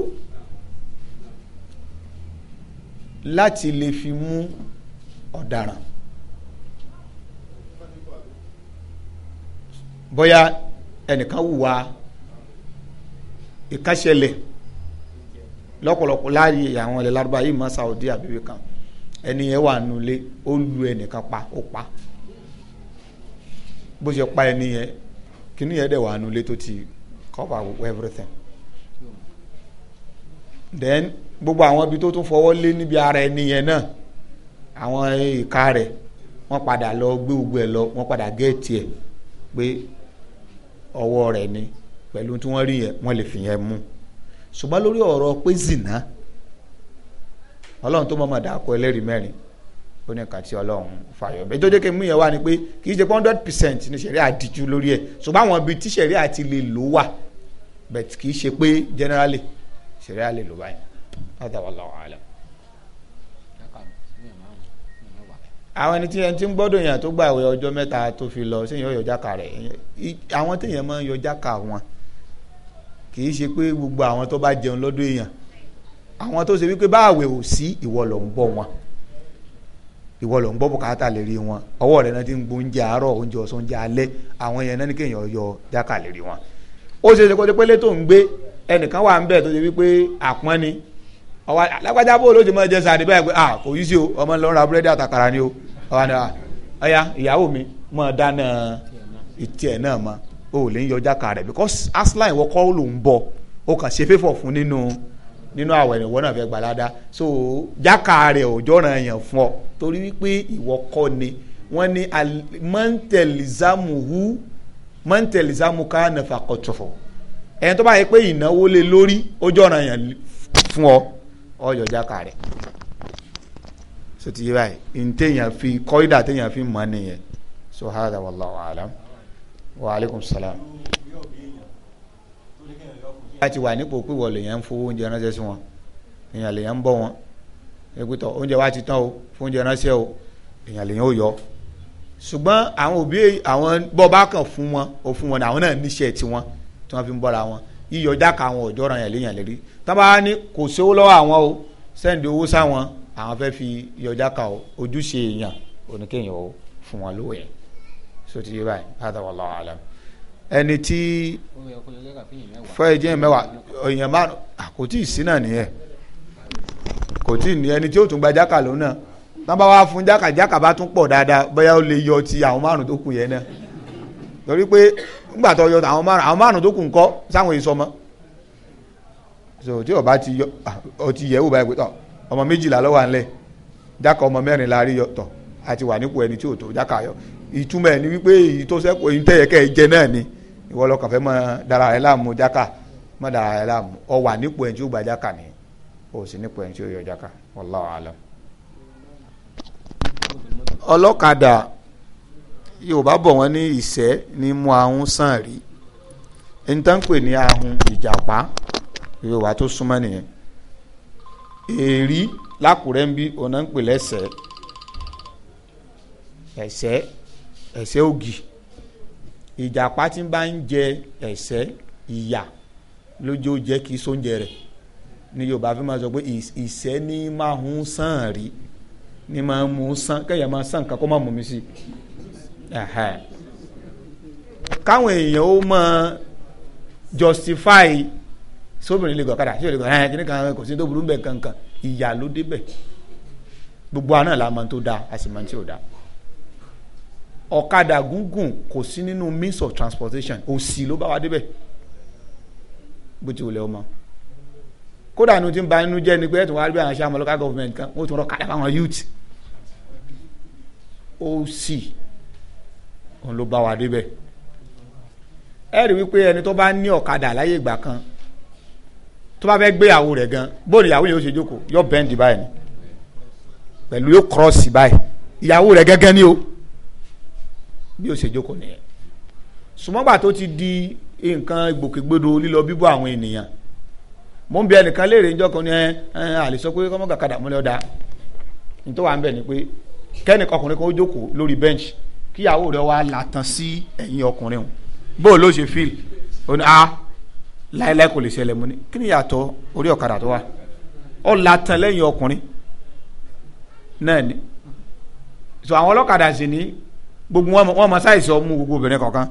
láti lè fi mú ọ̀daràn bóyá ẹnìkan hùwà ìkàṣẹlẹ̀ lọ́pọ̀lọpọ̀ láàyè àwọn ilẹ̀ lárúbá yìí mọ́ Saudi àbíbí kan ẹni yẹn wà nulẹ̀ ó lu ẹnìkan pa ó pa bó ṣe pa ẹni yẹn kíní yẹn dẹ̀ wà nulẹ̀ tó ti cover everything then gbogbo àwọn ibi tó tún fọwọ́ lé níbi ara ẹni yẹn náà àwọn ìka rẹ̀ wọ́n padà lọ gbé gbogbo ẹ̀ lọ wọ́n padà gẹ́ẹ̀tì ẹ̀ pé ọwọ́ rẹ̀ ni pẹ̀lú tí wọ́n rí yẹn wọ́n lè fi yẹn mú ṣùgbọ́n lórí ọ̀rọ̀ pé zina ọlọ́run tó mọ̀ mọ̀ dàkọ ẹlẹ́rìí mẹ́rin ó ní kàtí ọlọ́run fàyọ̀ bẹ́ẹ̀ tó jẹ́ kí n mú yẹn wá ni pé kì í ṣe hundred percent ní sẹ̀rí àdìjú lórí ẹ̀ ṣùgbọ́n àwọn ibi tí sẹ̀rí àti lè lò wà bẹ̀t kì í ṣe pé generally sẹ̀rí àlè lò báyìí. àwọn ẹni tí ẹni tí ń gbọ́dọ̀ yàn tó gbàwé ọjọ́ mẹ́ta tó fi lọ séèyàn yọ jáka rẹ̀ àwọn téèyàn máa ń yọ jáka wọn kì í ṣe pé gbogbo àwọn tó bá jẹun lọ́dọ̀ èèyàn àwọn tó ṣe wípé báàwẹ̀ ò sí ìwọ ló ń bọ́ wọn ìwọ ló ń gbọ́ bùkátà lè rí wọn ọwọ́ rẹ̀ náà ti ń gbọ́ oúnjẹ àárọ̀ oúnjẹ ọ̀sán oúnjẹ alẹ́ àwọn yẹn náà ní kéèyàn yọ jáka lè rí wọn ó ṣe é pé létò ń gbé ẹnìkan wà ń bẹ̀ tó ṣe wípé àpọ́n ni ọwọ́ alágbájá bó ló ti mọ jẹ sáré pé ah kò yí sí o ọmọ ńlọrọ abúlé ọ̀hánà ọ̀yà ìyàwó mi mọ̀ dáná ìtì ẹ̀ náà o ò lè ń yọjá ka rẹ̀ because aslan ìwọ kọ́ ló ń o kàn ṣe fẹ́fọ̀ fún nínú nínú àwọ̀ ìwọ náà gbalada so jáka rẹ̀ ò jọ̀ràn èèyàn fún ọ torí wípé ìwọ kọ́ ni wọ́n ní tó bá yẹ pé ìnáwó lé lórí so ti yé báyìí ntẹ̀yàn fi kọ́ídà tẹ̀yàn fi mọ̀ nìyẹn so hada wallahu alam wa aleykum salaam. láti wà nípò pé wọ́n lèèyàn ń fowó oúnjẹ ránṣẹ́ sí wọn èèyàn lèèyàn ń bọ́ wọn ẹgbẹ́tọ̀ oúnjẹ wa ti tán o fún oúnjẹ ránṣẹ́ o èèyàn lèèyàn ò yọ ṣùgbọ́n àwọn òbí àwọn bọ́ọ̀bá kan fún wọn ò fún wọn àwọn náà níṣẹ́ tiwọn tí wọ́n fi ń bọ́ra wọn yíyọ jáka àwọn òjò ọ̀ràn yẹn léèyàn lérí tábà ní kò sówó lọ́wọ́ àwọn o sẹ́ǹdì owó sáwọn àwọn fẹ́ fi yọjá ka ojúṣe èèyàn oníkéèyàn o fún wọn lówó yẹn so ti yé báyìí hada wallahu alam ẹni tí fọ ẹjẹ mẹwàá èèyàn má kò tí ì sí náà nìyẹn kò tí ì ní ẹni tí ó tún gba jáka lòun náà tábà wá fún jáka jáka bá tún pọ̀ dáadáa bóyá ó lè yọ ti àwọn márùn tó kù yẹn náà torí pé nígbà tó yọ àwọn márùn àwọn márùn tó kù ńkọ́ sáwọn èso mọ́ so tí o ti yọ ọ ti yẹ wò báyìí pé tọ́ ọmọ méjìlá ló wà ńlẹ̀ ọmọ mẹ́rin la rí yọtọ̀ àti wà nípò ẹni tí ò tó jákà yọ ìtumọ̀ ẹ̀ ni wípé èyí tó sẹ́kù èyí tẹ̀yẹ kẹ́ ẹ jẹ náà ni ìwọ lọ́kàn fẹ́ mọ dara rẹ láàmú jákà mọ dara rẹ láàmú ọ wà nípò ẹni tí ó gba jákà ni o sì nípò ẹni tí ó yọ jákà wallahu alam. ọlọ́kadà yorùbá bọ̀ wọ́n ní ìṣẹ́ ní mú ahun sàn rí ẹni tán pè ní ahun ìjàpá yorùbá tó súnmọ́ nìyẹn èrí lákùrẹ́ ń bí ọ̀nà ń pè lẹ́sẹ̀ ẹ̀sẹ̀ ẹ̀sẹ̀ ògì ìjàpá tí bá ń jẹ ẹ̀sẹ̀ ìyà lójó jẹ kì í sóúnjẹ rẹ̀ ni Yorùbá fi máa sọ pé ìṣẹ́ ní máa ń sàn rí ní máa ń mú sàn kẹ́yà máa sàn kankan máa mú mi sí káwọn èèyàn ó máa justify sóbìnrin lè gọ̀kadà sí òlè gọ̀kadà kìnnì kan kò sí tó burú bẹ́ẹ̀ kankan ìyà ló débẹ̀ gbogbo àná la máa tó da a sì máa tí ò da ọ̀kadà gúngùn kò sí nínú means of transportation òsì ló bá wa débẹ̀ bó ti wùlẹ̀ ọmọ kódà nu ti ń ba inú jẹ́ ni pé ẹ̀tún wá rí bí àwọn local government kan wọ́n tún rọ kàdà fáwọn youth òsì òun ló bá wa débẹ̀ ẹ̀rí wípé ẹni tó bá ní ọ̀kadà láyé ìgbà kan tó bá fẹ́ gbéyàwó rẹ̀ gan bóòlù ìyàwó yẹn ó ṣe jókòó yóò bẹ́ǹdì báyìí pẹ̀lú yóò kọ́rọ́ọ̀sì báyìí ìyàwó rẹ̀ gẹ́gẹ́ ni o bí ó ṣe jókòó nìyẹn sùmọ́gbà tó ti di nǹkan ìgbòkègbodò lílọ bíbọ̀ àwọn ènìyàn mo ń bi ẹnìkan léèrè níjọ́ kan ní ẹ àlè sọ pé kọ́mọ́gà kadà mọ́lẹ́ ọ̀dà nítorí wà ń bẹ̀ ni pé kẹ́nìkan ọkùnrin kan ó jókòó lórí bẹ́ǹchì kíyàwó rẹ̀ wá làtàn sí ẹ̀yìn ọkùnrin o bó o ló ṣe fíìl ó ní a ah, láéláé kò lè ṣẹlẹ̀ mu ni kí ni yàtọ̀ orí ọ̀kadà tó wà ọ la lẹ́yìn ọkùnrin náà ni so àwọn ọlọ́kadà sì ní gbogbo wọn wọn mọ sáìsì ọmú gbogbo obìnrin kọ̀ọ̀kan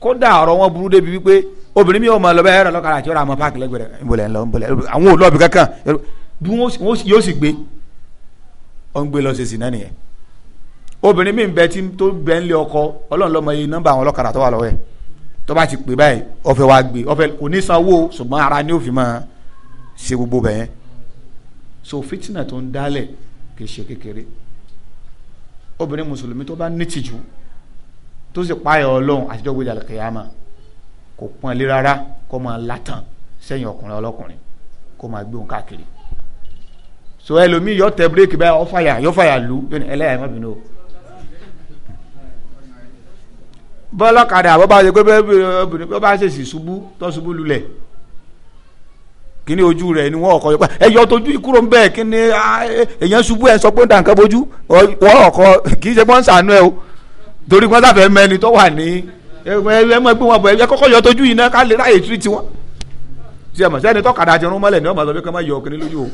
kódà ọ̀rọ̀ wọn burú débi wípé obìnrin mi ò mọ lọ́bẹ̀ ẹ̀rọ ọlọ́kadà àti ọ̀rọ̀ àmọ́ páàkì lẹ́gbẹ̀rẹ̀ ìbọ̀lẹ̀ ńlọ ìbọ̀lẹ̀ àwọn olóòbí kankan bí wọn yóò sì gbé ọ ń gbé lọ sí sinani yẹn obìnrin mi bẹ tí tó bẹ ń lé ọkọ ọlọ́run lọ́mọ yìí nọ́mbà àwọn ọlọ́kadà tó wà lọ́wọ́ yẹn tó bá ti pè báyìí ọ̀fẹ́ wa gbé ọ̀fẹ́ kò ní sanwó ṣùgbọ́n ara ni ó fi máa ṣe gbogbo bẹ̀yẹn so fitina tó ń dálẹ̀ kì í ṣe kékeré obìnrin mùsùlùmí tó bá nítìjú tó sì páyà ọlọ́run àtijọ́ gbé jàlẹ̀ kìyàmà kò pọ́n ilé rárá kó máa látàn sẹ́yìn ọkùnrin ọlọ́kùnrin kó máa gbé òun káàkiri so ẹlòmíì yọ tẹ bírèkì báyà ọ fàyà yọ fàyà ní ẹlẹ́yà ẹ̀ má bínú o bọ́lọ́kadà àbọ̀bá ṣe pé obìnrin bọ́ bá ṣèṣì ṣubú tó ṣubú lulẹ̀ kíní ojú rẹ̀ ni wọ́n ọkọ̀ yọ pé ẹ̀yọ́ tójú kúrò ń bẹ̀ kíní èèyàn ṣubú ẹ̀ sọ pé ó dà nǹkan bójú wọ́n ọkọ̀ kì í ṣe pọ́n sànú ẹ̀ o torí pọ́n sàfẹ́ mẹ́ni tó wà ní ẹ mọ̀ pé wọ́n bọ̀ ẹ kọ́kọ́ yọ tójú yìí náà ká lè ráyè tírì tiwọn. tí a mọ̀ sẹ́ni tọ́kadà ti rún mọ́lẹ̀ ni wọ́n máa sọ pé ká má yọ kíní lójú o.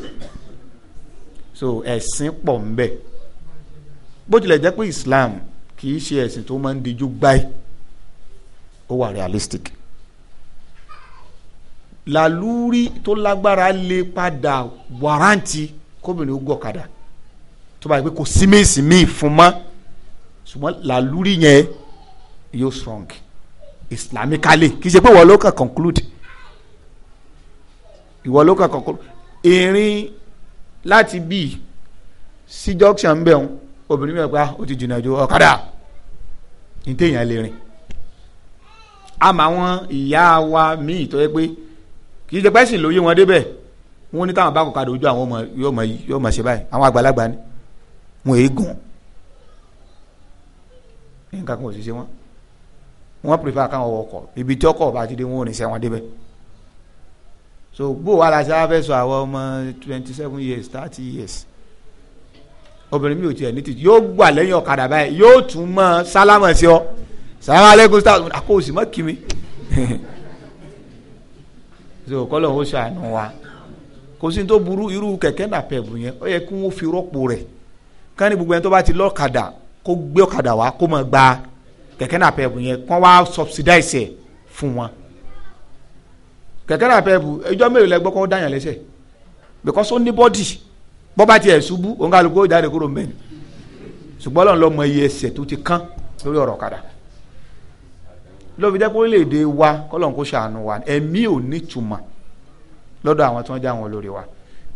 so ẹ̀sìn pọ̀ ń bẹ̀ bó tilẹ̀ jẹ́ pé Islam kì í ṣe ẹ̀sìn tó máa ń dijú gbáyìí ó wà realistic làlúrí tó lágbára lè padà wàrántì kóbìnrin ó gọ̀kadà tó bá yẹ pé kò símẹ́sì míì fún mọ́ ṣùgbọ́n làlúrí yẹn yóò strong islamically kì í ṣe pé ìwọ ló kàn conclude ìwọ ló kàn conclude ìrìn láti bí sí junction bẹ́ẹ̀ obìnrin mi ò pa ah, ó ti jìnnà ju ọ̀kadà ní téèyàn lè rìn àmọ́ àwọn ìyá wa míì tó yẹ pé kì í ṣe pẹ́sìn ló yé wọn débẹ̀ wọn ní táwọn bá kọ̀kadà ojú àwọn ọmọ yóò mọ yóò mọ ṣe báyìí àwọn àgbàlagbà ni wọn èé gùn nǹkan kan ò sì ṣe wọn wọn prefer káwọn ọkọ ibi tí ọkọ bá ti dé wọn ò ní sẹ́wọ̀n débẹ̀ so bó wàá la ṣe wá fẹ́ sọ àwọn ọmọ twenty seven years thirty years obìnrin mi ò tiẹ̀ ní tìjú yóò gbà lẹ́yìn ọ̀kadà báyìí yóò tún mọ́ sálámọ̀ sí ọ salamu aleykum star àpò òsì má kí mi so kọ́lọ̀ ó ṣàánú wa kò sí tó burú irú kẹ̀kẹ́ nàpẹ̀bù yẹn ó yẹ kí wọ́n fi rọ́pò rẹ̀ ká ní gbogbo ẹni tó bá ti lọ́kadà kó gbé ọ̀kadà wá kó máa gba kẹ̀kẹ́ nàpẹ̀bù yẹn kó wá subsidize fún wọn kẹ̀kẹ́ nàpẹ̀bù ẹjọ́ mélòó lẹ gbọ́ kó dáyàn lẹ́sẹ̀ because ó ní bọ́dì bọ́bá tiẹ̀ ṣubú òǹkàlùkò ìdáre kúrò mẹ́rin ṣùgbọ́n Ọlọ́run ló iye ẹsẹ̀ tó ti kán lórí ọ̀rọ̀ ọ̀kadà ló fi jẹ́ pé orílẹ̀-èdè wa kọ́lọ́n kó ṣàánú wa ẹ̀mí ò ní ìtumọ̀ lọ́dọ̀ àwọn tí wọ́n já wọn lórí wa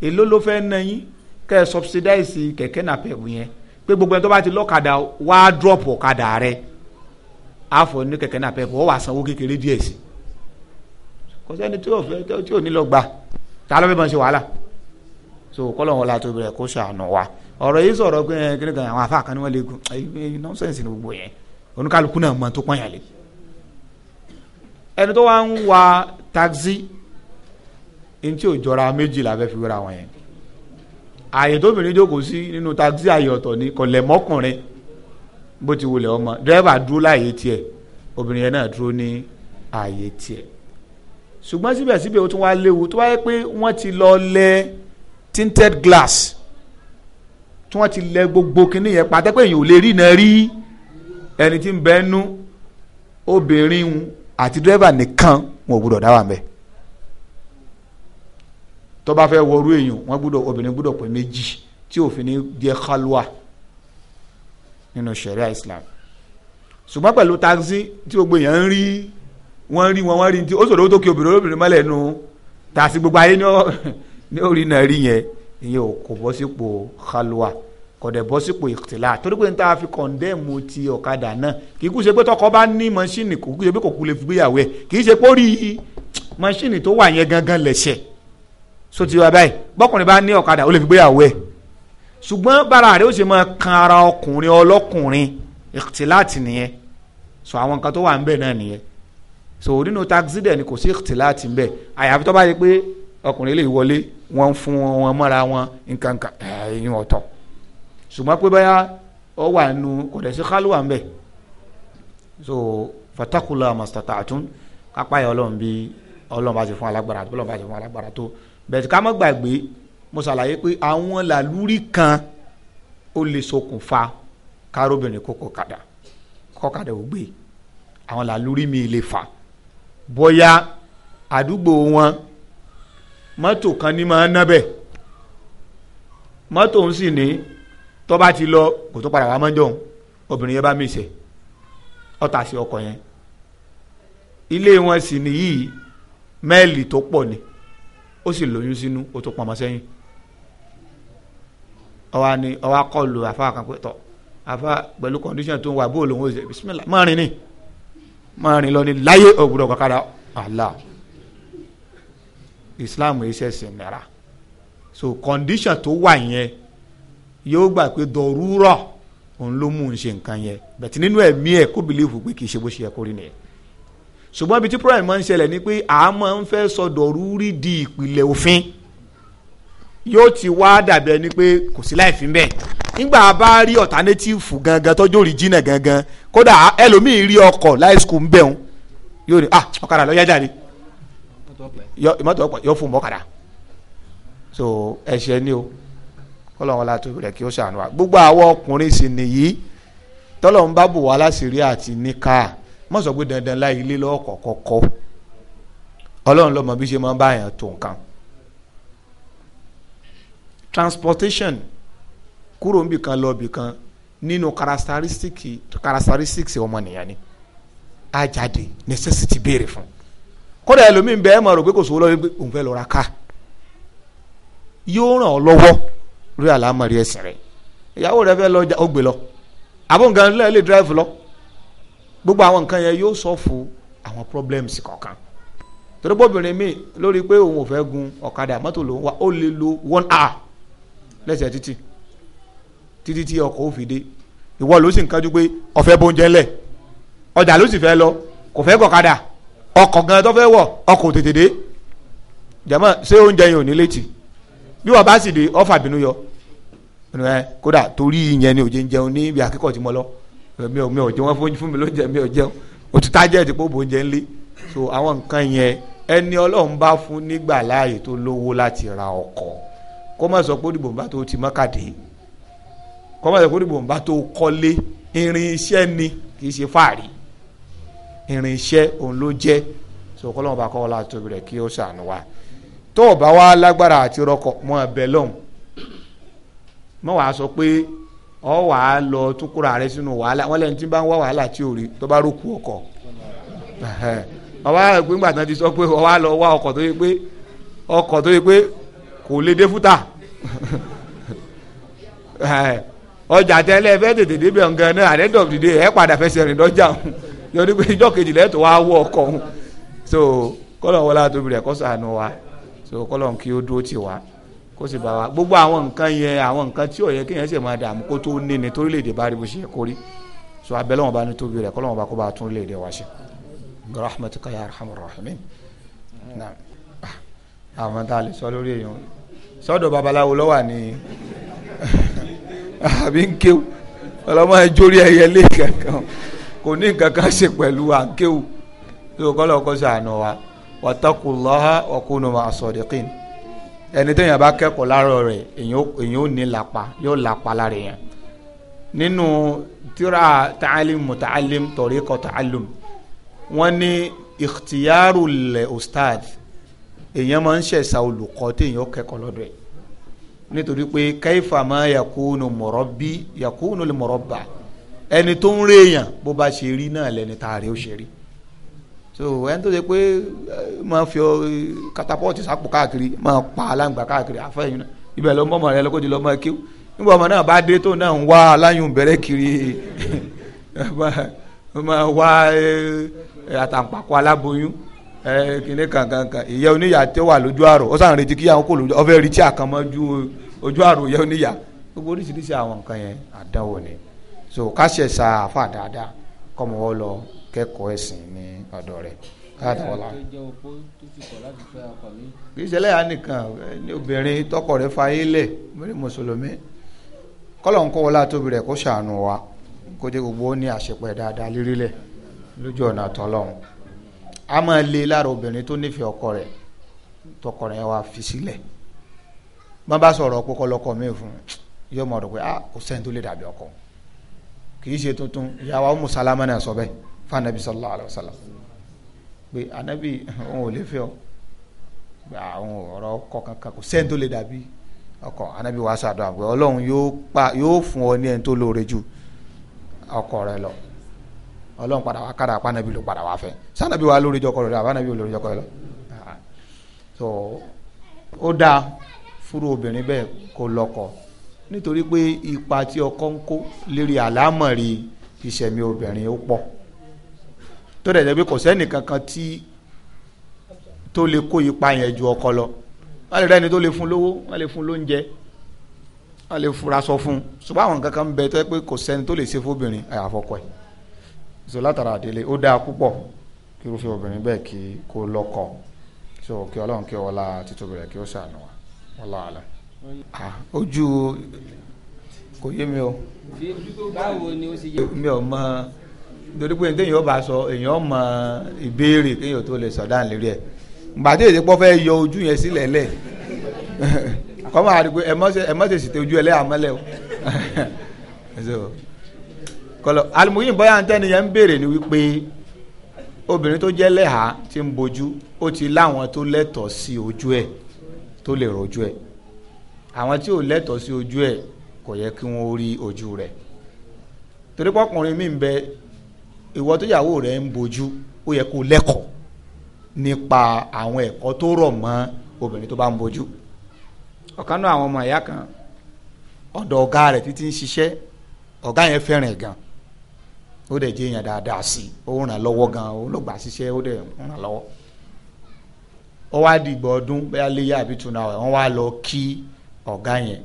èló ló fẹ́ ná yín kẹ́ ẹ subsidize kẹ̀kẹ́ nàpẹ̀wò yẹn pé gbogbo ẹni tó bá ti lọ́kadà wá drop ọ̀kadà rẹ àfọ̀ ní kẹ̀kẹ́ nàpẹ̀wò ó wà sanwó kékeré díẹ̀ sí kò sẹ́ni tí ò fẹ́ tí ò ní lọ gbà ta ló fẹ́ bọ́n ṣe wàhálà so kọ́lọ́n wọn la tó bẹ̀rẹ̀ kó ṣàánú wa ọ̀rọ̀ yìí sọ̀rọ̀ pé eh, kíni kan àwọn afáàkàn ni wọ́n lè gun nọ́ọ̀sẹ̀nsì ni gbogbo yẹn oníkàlùkù náà mọ̀ tó pọ́n ẹni tó wá ń wa taxi ní tí méjì la fẹ́ fi wéra wọn yẹn ààyè tóbìnrin jókòó sí nínú taxi ààyè ọ̀tọ̀ ni kò lẹ̀ mọ́kùnrin bó ti wulẹ̀ ọmọ dírẹ́fà dúró láàyè tiẹ̀ obìnrin yẹn náà dúró ní ààyè tiẹ̀ ṣùgbọ́n síbẹ̀síbẹ̀ ó tún wá léwu tó wáyé pé wọ́n ti lọ lẹ tinted glass tí wọ́n ti lẹ gbogbo kinní yẹn pàtẹ́ pé èèyàn ò lè rí iná rí ẹni tí ń bẹ́ẹ̀ nú obìnrin àti dírẹ́fà nìkan wọn ò gbúdọ̀ dá wà ń bẹ̀ tó bá fẹ́ wọrú èèyàn wọn gbúdọ̀ obìnrin gbúdọ̀ pé méjì tí òfin ní jẹ́ khalwa nínú sharia islam ṣùgbọ́n pẹ̀lú taxi tí gbogbo èèyàn ń rí wọ́n rí wọn wọ́n rí ní ti ó sọ̀rọ̀ ó tó kí obìnrin olóbìnrin mọ́lẹ̀ nu tàṣí gbogbo ayé ní orí náà rí yẹn ìyẹn ò kò bọ́ sípò khalwa kò dẹ̀ bọ́ sípò ìtìlá torí pé n ta fi kọ̀ndẹ́ẹ̀mù ti ọ̀kadà náà kì í kú ṣe pé tọkọ bá ní mọ́ṣíìnì kò kú ṣe pé kò kú lè fi gbéyàwó ẹ̀ kì í ṣe pé ó rí mọ́ṣíìnì tó wà yẹn gangan lẹ̀ṣẹ̀ so ti wá báyìí bọ́kùnrin bá ní ọ̀kadà ó lè fi gbéyàwó ẹ̀ ṣùgbọ́n bára rẹ̀ ó ṣe máa kan ara ọkùnrin ọlọ́kùnrin ìtìláàtì nìyẹn so àwọn nǹkan tó wà ńbẹ̀ náà nìyẹn so nínú taxi dẹ̀ ni kò sí ìtìláàtì ńbẹ̀ àyàfi tó bá yẹ pé ọkùnrin lè wọlé wọn fún wọn mọ́ra wọn nǹkan kan ẹ̀yìn ọ̀tọ̀ ṣùgbọ́n pé báyà ọ wà nù kò dẹ̀ sí kálùwà ń bẹ̀ so fatakula mastata atun kápá yẹ ọlọ́run bí ọlọ́run bá ti fún alágbára tó ọlọ́run bá ti fún alágbára tó bẹ̀tì ká má gbàgbé mo ṣàlàyé pé àwọn làlúrí kan ó lè ṣokùnfà kárọ́bìnrin kó kọ̀kadà kọ̀kadà ò gbé àwọn làlúrí mi lè fà bóyá àdúgbò wọn mọ́tò kan ní máa ń nábẹ̀ mọ́tò ń sì ní tó bá ti lọ kò tó padà wá mọ́jọ́ òun obìnrin yẹn bá mí sè ọ̀tà sí ọkọ̀ yẹn ilé wọn sì nìyí mẹ́ẹ̀lì tó pọ̀ ni ó sì lóyún sínú ó tó pamọ́ sẹ́yìn ọwọ́ ni ọwọ́ akọlù àfa kan pé pẹ̀lú condition tó ń wà bóòlù òun ó ṣe bisimilá máa rìn ni máa rìn lọ ni láyé òwúrọ̀ kọ̀kadà Allah Islam yìí ṣẹ̀ṣẹ̀ nira so condition tó wà yẹn yóò gbà pé dọ̀rúrọ̀ òun ló mú un ṣe nǹkan yẹn bẹ̀tẹ̀ nínú ẹ̀mí ẹ̀ kó bìlífù pé kì í ṣe bó ṣe yẹ kó rí nìyẹn ṣùgbọ́n ibi tí problem máa ń ṣẹlẹ̀ ni pé a máa ń fẹ́ sọ dọ̀rúrí di ìpìlẹ̀ òfin yóò ti wá dàbí ẹni pé kò sí láì fi ń bẹ̀ nígbà bá rí ọ̀tánétífù gangan tọ́jú òrìjìnà gangan kódà ẹlòmíì rí ọkọ̀ láì skul ń bẹ̀hún yóò rí ah ọ̀kadà lọ́ọ́ yájà ni mọ́tò ọ̀pọ̀ yóò fún un mọ́kadà so ẹ̀ṣẹ̀ ni o kọ́lọ́n wọn látó rẹ̀ kí ó ṣàánú wa gbogbo àwọn ọkùnrin sì nìyí tọ́lọ́n bá bò wá láṣìírí àti níkà mọ̀ pé dandan láì ilé lọ́kọ̀ kọ́kọ́ ọlọ́run lọ́mọ bí ṣe máa bá yàn tó nǹkan transportation kúrò ń bìkan lọ bìkan nínú karastaristiki karastaristiki ọmọnìyàn ni a jáde necessity béèrè fún kódà ẹlòmíín bẹ́ẹ̀ máa rò pé kò sówó lọ́wọ́ òun fẹ́ lọ ká yóò ràn ọ́ lọ́wọ́ lórí àlámọ̀rí ẹ̀sìn rẹ̀ ìyàwó rẹ̀ fẹ́ lọ ó gbé lọ àbọ̀ nǹkan lẹ́yìn lè drive lọ gbogbo àwọn nǹkan yẹn yóò sọ̀fù àwọn problems kọ̀ọ̀kan torí bóbìnrin mi lórí pé òun ò fẹ́ gun ọ̀kadà mọ́tò lòun wa ó lè lo one hour lẹ́sẹ̀ títì títí tí ọkọ̀ ó fi dé ìwọ ló sì ń kájú pé ọ̀fẹ́ bóúnjẹ ńlẹ̀ ọjà ló sì fẹ́ lọ kò fẹ́ gọ̀kadà ọkọ̀ gan tó fẹ́ wọ̀ ọkọ̀ tètè dé jàmọ́ ṣé oúnjẹ yẹn ò ní létí bí wọ́n bá sì di ọ̀fà bínú yọ kódà torí ìyẹn ni òjò ń jẹun ní ibi àkíkọ̀ tí mo lọ mi ò mi ò jẹun wọ́n fún mi ló jẹ mi ò jẹun òtítà jẹ́ ti pé bòójẹ ń lé so àwọn nǹkan yẹn ẹni ọlọ́run bá fún nígbà láàyè tó lówó láti ra ọkọ̀ kó má sọ pé òdìbò ń bá tó ti mọ́kàdé kó má sọ pé òdìbò ń bá tó kọ́lé irinṣẹ́ ni kì í ṣe fáàrí irinṣẹ́ òun ló jẹ́ so kọ́lọ́run bá kọ́ ọ láti tóbi rẹ̀ kí ó ṣàánú wa. tó o bá wá lágbára àti rọkọ̀ mọ́ ẹ̀bẹ̀ sọ pé ọ wàá lọ tún kúrò ààrẹ sínú wàhálà wọn lẹ́yìn tí bá ń wá wàhálà tí ò rí tó bá rókù ọkọ̀ ńgbà sọ pé ọwọ́ àlọ́ wá ọkọ̀ tó yẹ pé tó yẹ pé ọjà tètè débi náà àdé dìde padà rìn pé ìjọ wá wọ so kọ́lọ́n kí ó dúró tì wá kó sì bá wa gbogbo àwọn nǹkan yẹn àwọn nǹkan tí ò yẹ kéèyàn sì máa dààmú kó tó ní ni torílẹ̀-èdè bá rí bó ṣe yẹ kó rí so abẹ́lẹ́ wọn bá ní tóbi rẹ̀ kọ́lọ́n wọn bá kó bá tún orílẹ̀-èdè wa ṣe rahmatuka ya arhamar rahimin na ah, àwọn tá a lè sọ lórí èèyàn sọ́dọ̀ babaláwo ló wà ní àbí ń kéwù ọlọ́mọ ẹjọ́rí ẹyẹ lé kankan kò ní kankan ṣe pẹ̀lú à ń kéwù tó kọ́lọ́ kó ṣàánú wa wattaqullaha wa kunu ma'a sadiqin ẹni tó yàn bá kẹ́kọ̀ọ́ lára rẹ̀ èyàn ò ní làpá yóò làpá lára yẹn nínú tíra ta'alim muta'alim tariqa ta'allum wọ́n ní ikhtiyaru le ustad èyàn máa ń ṣẹ̀ṣà olùkọ́ tí èyàn kẹ́kọ̀ọ́ lọ́dọ̀ ẹ̀ nítorí pé kayfa ma yakunu murabbi yakunu al-murabba ẹni tó ń rèèyàn bó bá ṣe rí náà lẹni tá ó ṣe rí so ẹni tó ṣe pé máa fi katapọ́ọ̀tì sápò káàkiri máa pa aláǹgbá káàkiri àfẹ́yìn náà ibẹ̀ ló mọ́ rẹ lọ́kọ́ di lọ́mọ kéwù nígbà ọmọ náà bá dé tó náà ń wá aláyùn bẹ̀rẹ̀ kiri máa wá àtàǹpàkò aláboyún kìnìún kankankan ìyá oníyà tó wà lójú àrò retí kí àwọn kò lójú retí ojú àrò ìyá oníyà gbogbo oríṣiríṣi àwọn nǹkan yẹn àdánwò ni so ká àfa dáadáa kẹ́kọ̀ọ́ ẹ̀sìn ní ọ̀dọ̀ rẹ̀ káàtàwọ́lá. kì í ṣe lẹ́yà ní obìnrin tọkọ rẹ̀ fayé lẹ̀ obìnrin mùsùlùmí kọ́lọ̀n kó wọlá tóbi rẹ̀ kó ṣàánú wa kó jẹ́ gbogbo ní dáadáa lérílẹ̀ lójú ọ̀nà a máa le lára obìnrin tó nífẹ̀ẹ́ ọkọ rẹ̀ tọkọ rẹ̀ wá fi sílẹ̀ bá bá sọ̀rọ̀ mi fún yóò mọ̀ rẹ̀ pé ah kò sẹ́ni tó lè dàbí ọkọ kì í ṣe tuntun ìyàwó musalama náà sọ bẹ́ẹ̀ fanabi sallallahu alayhi wa sallam pé anabi òun ò lè fẹ́ ọ àwọn ọ̀rọ̀ ọkọ kankan kò sẹ́ni tó lè dàbí ọkọ anabi wa sàdọ àgbẹ Ọlọ́run yóò pa yóò fún ọ ní ẹni tó lóore jù ọkọ rẹ lọ Ọlọ́run padà wá kádà pa anabi ló padà wá fẹ́ sànàbí wa lórí jọkọ rẹ lọ àbánabi ò lórí jọkọ ah. so ó dáa fúru obìnrin bẹ́ẹ̀ kó lọ́kọ nítorí pé ipa tí ọkọ ń kó lérí àlámọ̀rí ìṣẹ̀mí obìnrin ó pọ̀ tó dẹ̀ jẹ́ kò sẹ́ni kankan tí tó lè kó ipa yẹn ju ọkọ lọ wọ́n lè rẹ́ni tó lè fún lówó wọ́n lè fún lóúnjẹ wọ́n lè fura sọ fún ṣùgbọ́n àwọn kankan ń bẹ tó pé kò sẹ́ni tó lè ṣe fóbìnrin àyàfọkọ ẹ̀ so látara àdélé ó dáa púpọ̀ kí irúfẹ́ obìnrin bẹ́ẹ̀ kí kó so kí ọlọ́run kí ọlá kí o. nítorí pé téèyàn bá sọ èèyàn mọ ìbéèrè téèyàn tó lè sọdá lérí ẹ gbàtí èdè pọ fẹ́ yọ ojú yẹn sílẹ̀ lẹ àkọ́mọ àdìgbò ẹ mọ́ ṣe ṣètò ojú ẹ lẹ́yà mọ́lẹ̀ o kọlọ alimuyin bọ́yá ntẹ́ni yẹn ń béèrè ni wípé obìnrin tó jẹ́ lẹ́hà tí ń bojú ó ti láwọn tó lẹ́tọ̀ọ́ sí ojú ẹ̀ tó lè rojú ẹ̀ àwọn tí ò lẹ́tọ̀ọ́ sí ojú ẹ̀ kò yẹ kí wọ́n rí ojú rẹ̀ torí pọ́kùnrin mi ń bẹ ìwọ tó yàwó rẹ ń bojú ó yẹ kó lẹ́kọ̀ọ́ nípa àwọn ẹ̀kọ́ tó rọ̀ mọ́ obìnrin tó bá ń bojú ọ̀kan náà àwọn ọmọ ìyá kan ọ̀dọ̀ ọ̀gá rẹ̀ títí ń ṣiṣẹ́ ọ̀gá yẹn fẹ́ràn ẹ̀ gan ó dẹ̀ jẹ́ èèyàn dáadáa sí i ó ràn lọ́wọ́ gan ó lọ́gbà ṣiṣẹ́ ó dẹ̀ ràn lọ́wọ́ ó wá dìgbà ọdún bẹ́ẹ̀ léyà àbí tuna ọ̀ wá lọ kí ọ̀gá yẹn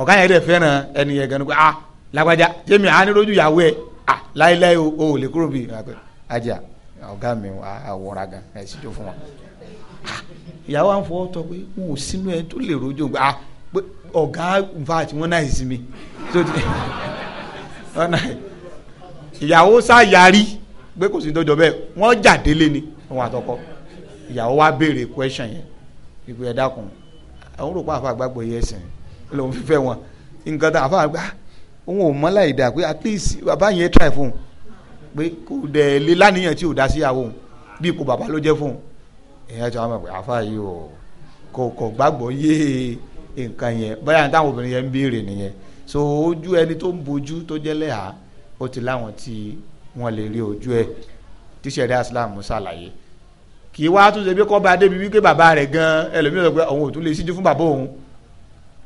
ọ̀gá yẹn dẹ̀ fẹ́ràn ẹni yẹn gan ni pé ah lágbájá jẹ́mi àánú lójú ìyàwó ẹ̀ Ah, láéláé o ò lè kúrò bí ajá ọ̀gá mi àwòrán gan ẹ̀ sì jó fún wa ah, ìyàwó à ń fọwọ́ tọ pé n ò sínú ẹ tó lè rojọ́ gbà ah, pé ọ̀gá vat wọn náà ìsinmi ìyàwó sá yarí pé kò sí dọjọ bẹ́ẹ̀ wọ́n jà délé ni wọn àtọkọ ìyàwó wa béèrè question yẹn ìgbé ẹ dákun àwọn rò pé àfa àgbàgbọ yẹ ẹsìn lòun fífẹ́ wọn nǹkan tá àfa àgbà òun ò mọ láì dà pé at least bàbá yẹn try fún un pé kò dẹ̀ lé lánìyàn tí ò dá sí àwọn òun bí ipò bàbá ló jẹ́ fún un èèyàn ti wá mọ̀ pé àfa yìí ò kò kò gbàgbọ́ yé nǹkan yẹn báyà táwọn obìnrin yẹn ń béèrè nìyẹn so ojú ẹni tó ń bojú tó jẹ́ lẹ́hà ó ti láwọn tí wọ́n lè rí ojú ẹ̀ tíṣẹ̀rí asilamu ṣàlàyé kì í wá tún ṣe bí kọ́ débi wípé bàbá rẹ̀ gan ẹlòmíràn pé òun ò lè síjú fún bàbá òun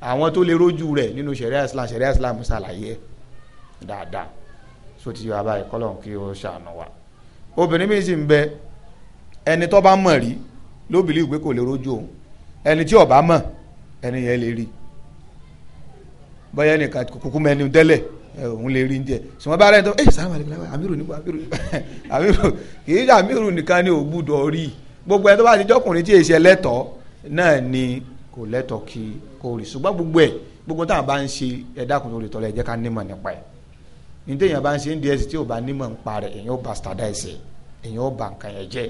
àwọn tó lè rójú rẹ̀ nínú sẹ̀ríà islam sẹ̀ríà islam ṣàlàyé dáadáa so ti yọ abáyé kọ́lọ̀ kí ó ṣàánú wa obìnrin mi sì ń bẹ ẹni tó bá mọ̀ rí ló believe pé kò lè rójú òun ẹni tí ó bá mọ̀ ẹni yẹn lè rí bọ́yá ẹnìkan kúkú mẹ́ni tẹ́lẹ̀ òun lè rí njẹ sùnwọ́n bá rẹ̀ tó ẹ̀ sàmà lẹ́gbẹ̀rẹ́ amiru nípa amiru amiru kìí ṣe amiru nìkan ni ò gbúdọ̀ rí gbogbo ẹni tó bá ti jọkùnrin tí èsì ẹlẹ́tọ̀ọ́ náà ni kò lẹ́tọ̀ọ́ kí kó rí ṣùgbọ́n gbogbo ẹ̀ gbogbo tá à bá ń ṣe ẹ̀dá kùn lórí tọ́lá ẹ jẹ́ ká nímọ̀ nípa ẹ̀ ní téèyàn bá ń ṣe nds tí ò bá nímọ̀ nípa rẹ̀ èyàn ó bastardize èyàn ó ba nǹkan yẹn jẹ́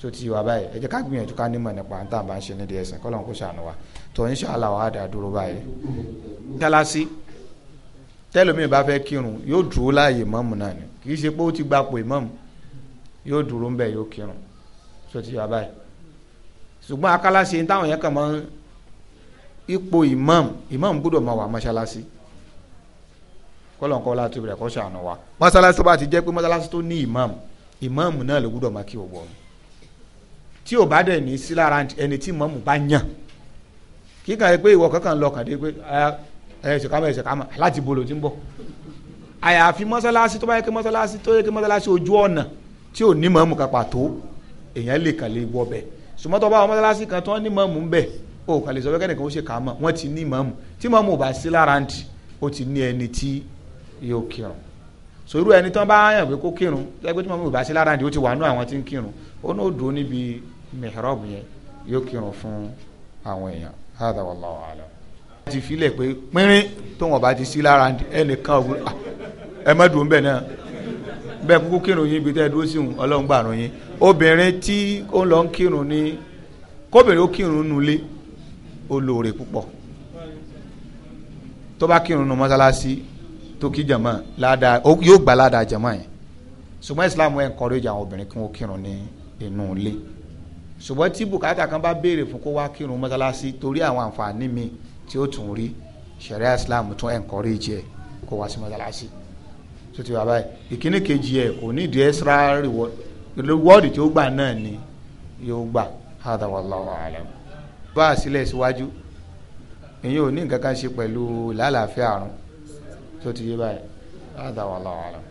so ti wà báyìí ẹ jẹ́ ká gbìyànjú ká nímọ̀ nípa tá à bá ń ṣe ní ds kọ́ lóun kó ṣàánú wa tó insha Allah wàá dà dúró báyìí tálásí tẹ́lómìn bá fẹ́ kírun yóò dúró láàyè mọ́mù náà ni so ti wà báyìí ṣùgbọ́n akálàṣe táwọn yẹn kàn máa ń ipò imam imam gbọ́dọ̀ máa wà mọ́ṣáláṣí kọ́lọ́nkọ́ láti bẹ̀rẹ̀ kọ́ ṣàánú wa mọ́ṣáláṣí tó bá ti jẹ́ pé mọ́ṣáláṣí tó ní imam imam náà ló gbọ́dọ̀ máa kí ọ̀gbọ́ ọ̀nù tí ò bá dẹ̀ ní sí ẹni tí imam bá yàn kíkà pé ìwọ kankan lọ kàdé pé ẹ ṣe kámẹ ẹ ṣe kámẹ láti bolo ti ń bọ̀ àyàfi mọ́ṣáláṣí tó bá yẹ kí mọ́ṣáláṣí tó yẹ kí mọ́ṣáláṣí ojú ọ̀nà tí ò ní imam kan pàtó èèyàn lè kàn lè wọ bẹ̀ sùmọ́tò bá wọn mọ́ṣáláṣí kan tó ń ní imam ń o kàlẹ́ sọ wẹ́kẹ́ nìkan ó ṣe kà á mọ̀ wọ́n ti ní ìmáàmù tí ìmáàmù ò bá sí lára ntì ó ti ní ẹni tí yóò kírun so irú ẹni tán bá yàn pé kó kírun ẹgbẹ́ tí ìmáàmù ò bá sí lára ntì ó ti wà nú àwọn tí ń kírun ó náà dùn níbi mihrab yẹn yóò kírun fún àwọn èèyàn hádà wallahu alam. a ti filẹ̀ pé pínrín tó wọn bá ti sí lára ntì ẹnìkan ògùn ah, ẹ má dùn bẹ́ẹ̀ náà bẹ́ẹ̀ kúkú kírun yín ibi tẹ́ kóbìnrin ó kírun nulẹ̀ ó lóore púpọ̀ tó bá kírun nu mọ́sálásí tó kí jàmá ládàá yóò gbà ládàá jàmá yẹn ṣùgbọ́n islam ẹ̀ ń kọ́rẹ́jì àwọn obìnrin kí wọ́n kírun ní inú ilé ṣùgbọ́n tí bùkátà kan bá béèrè fún kó wá kírun mọ́sálásí torí àwọn àǹfààní mi tí ó tún rí ṣẹ̀ríà islam tún ẹ̀ ń kọ́rẹ́jì ẹ̀ kó wá sí mọ́sálásí tó ti wà báyìí ìkíní kejì ẹ̀ kò ní ìdí extra reward reward tí ó gbà náà ni yóò gbà hada wallahu alam bá àsílẹ̀ síwájú èyí ò ní nǹkan kan ṣe pẹ̀lú làálàáfíà àrùn tó ti yé báyìí. هذا والله أعلم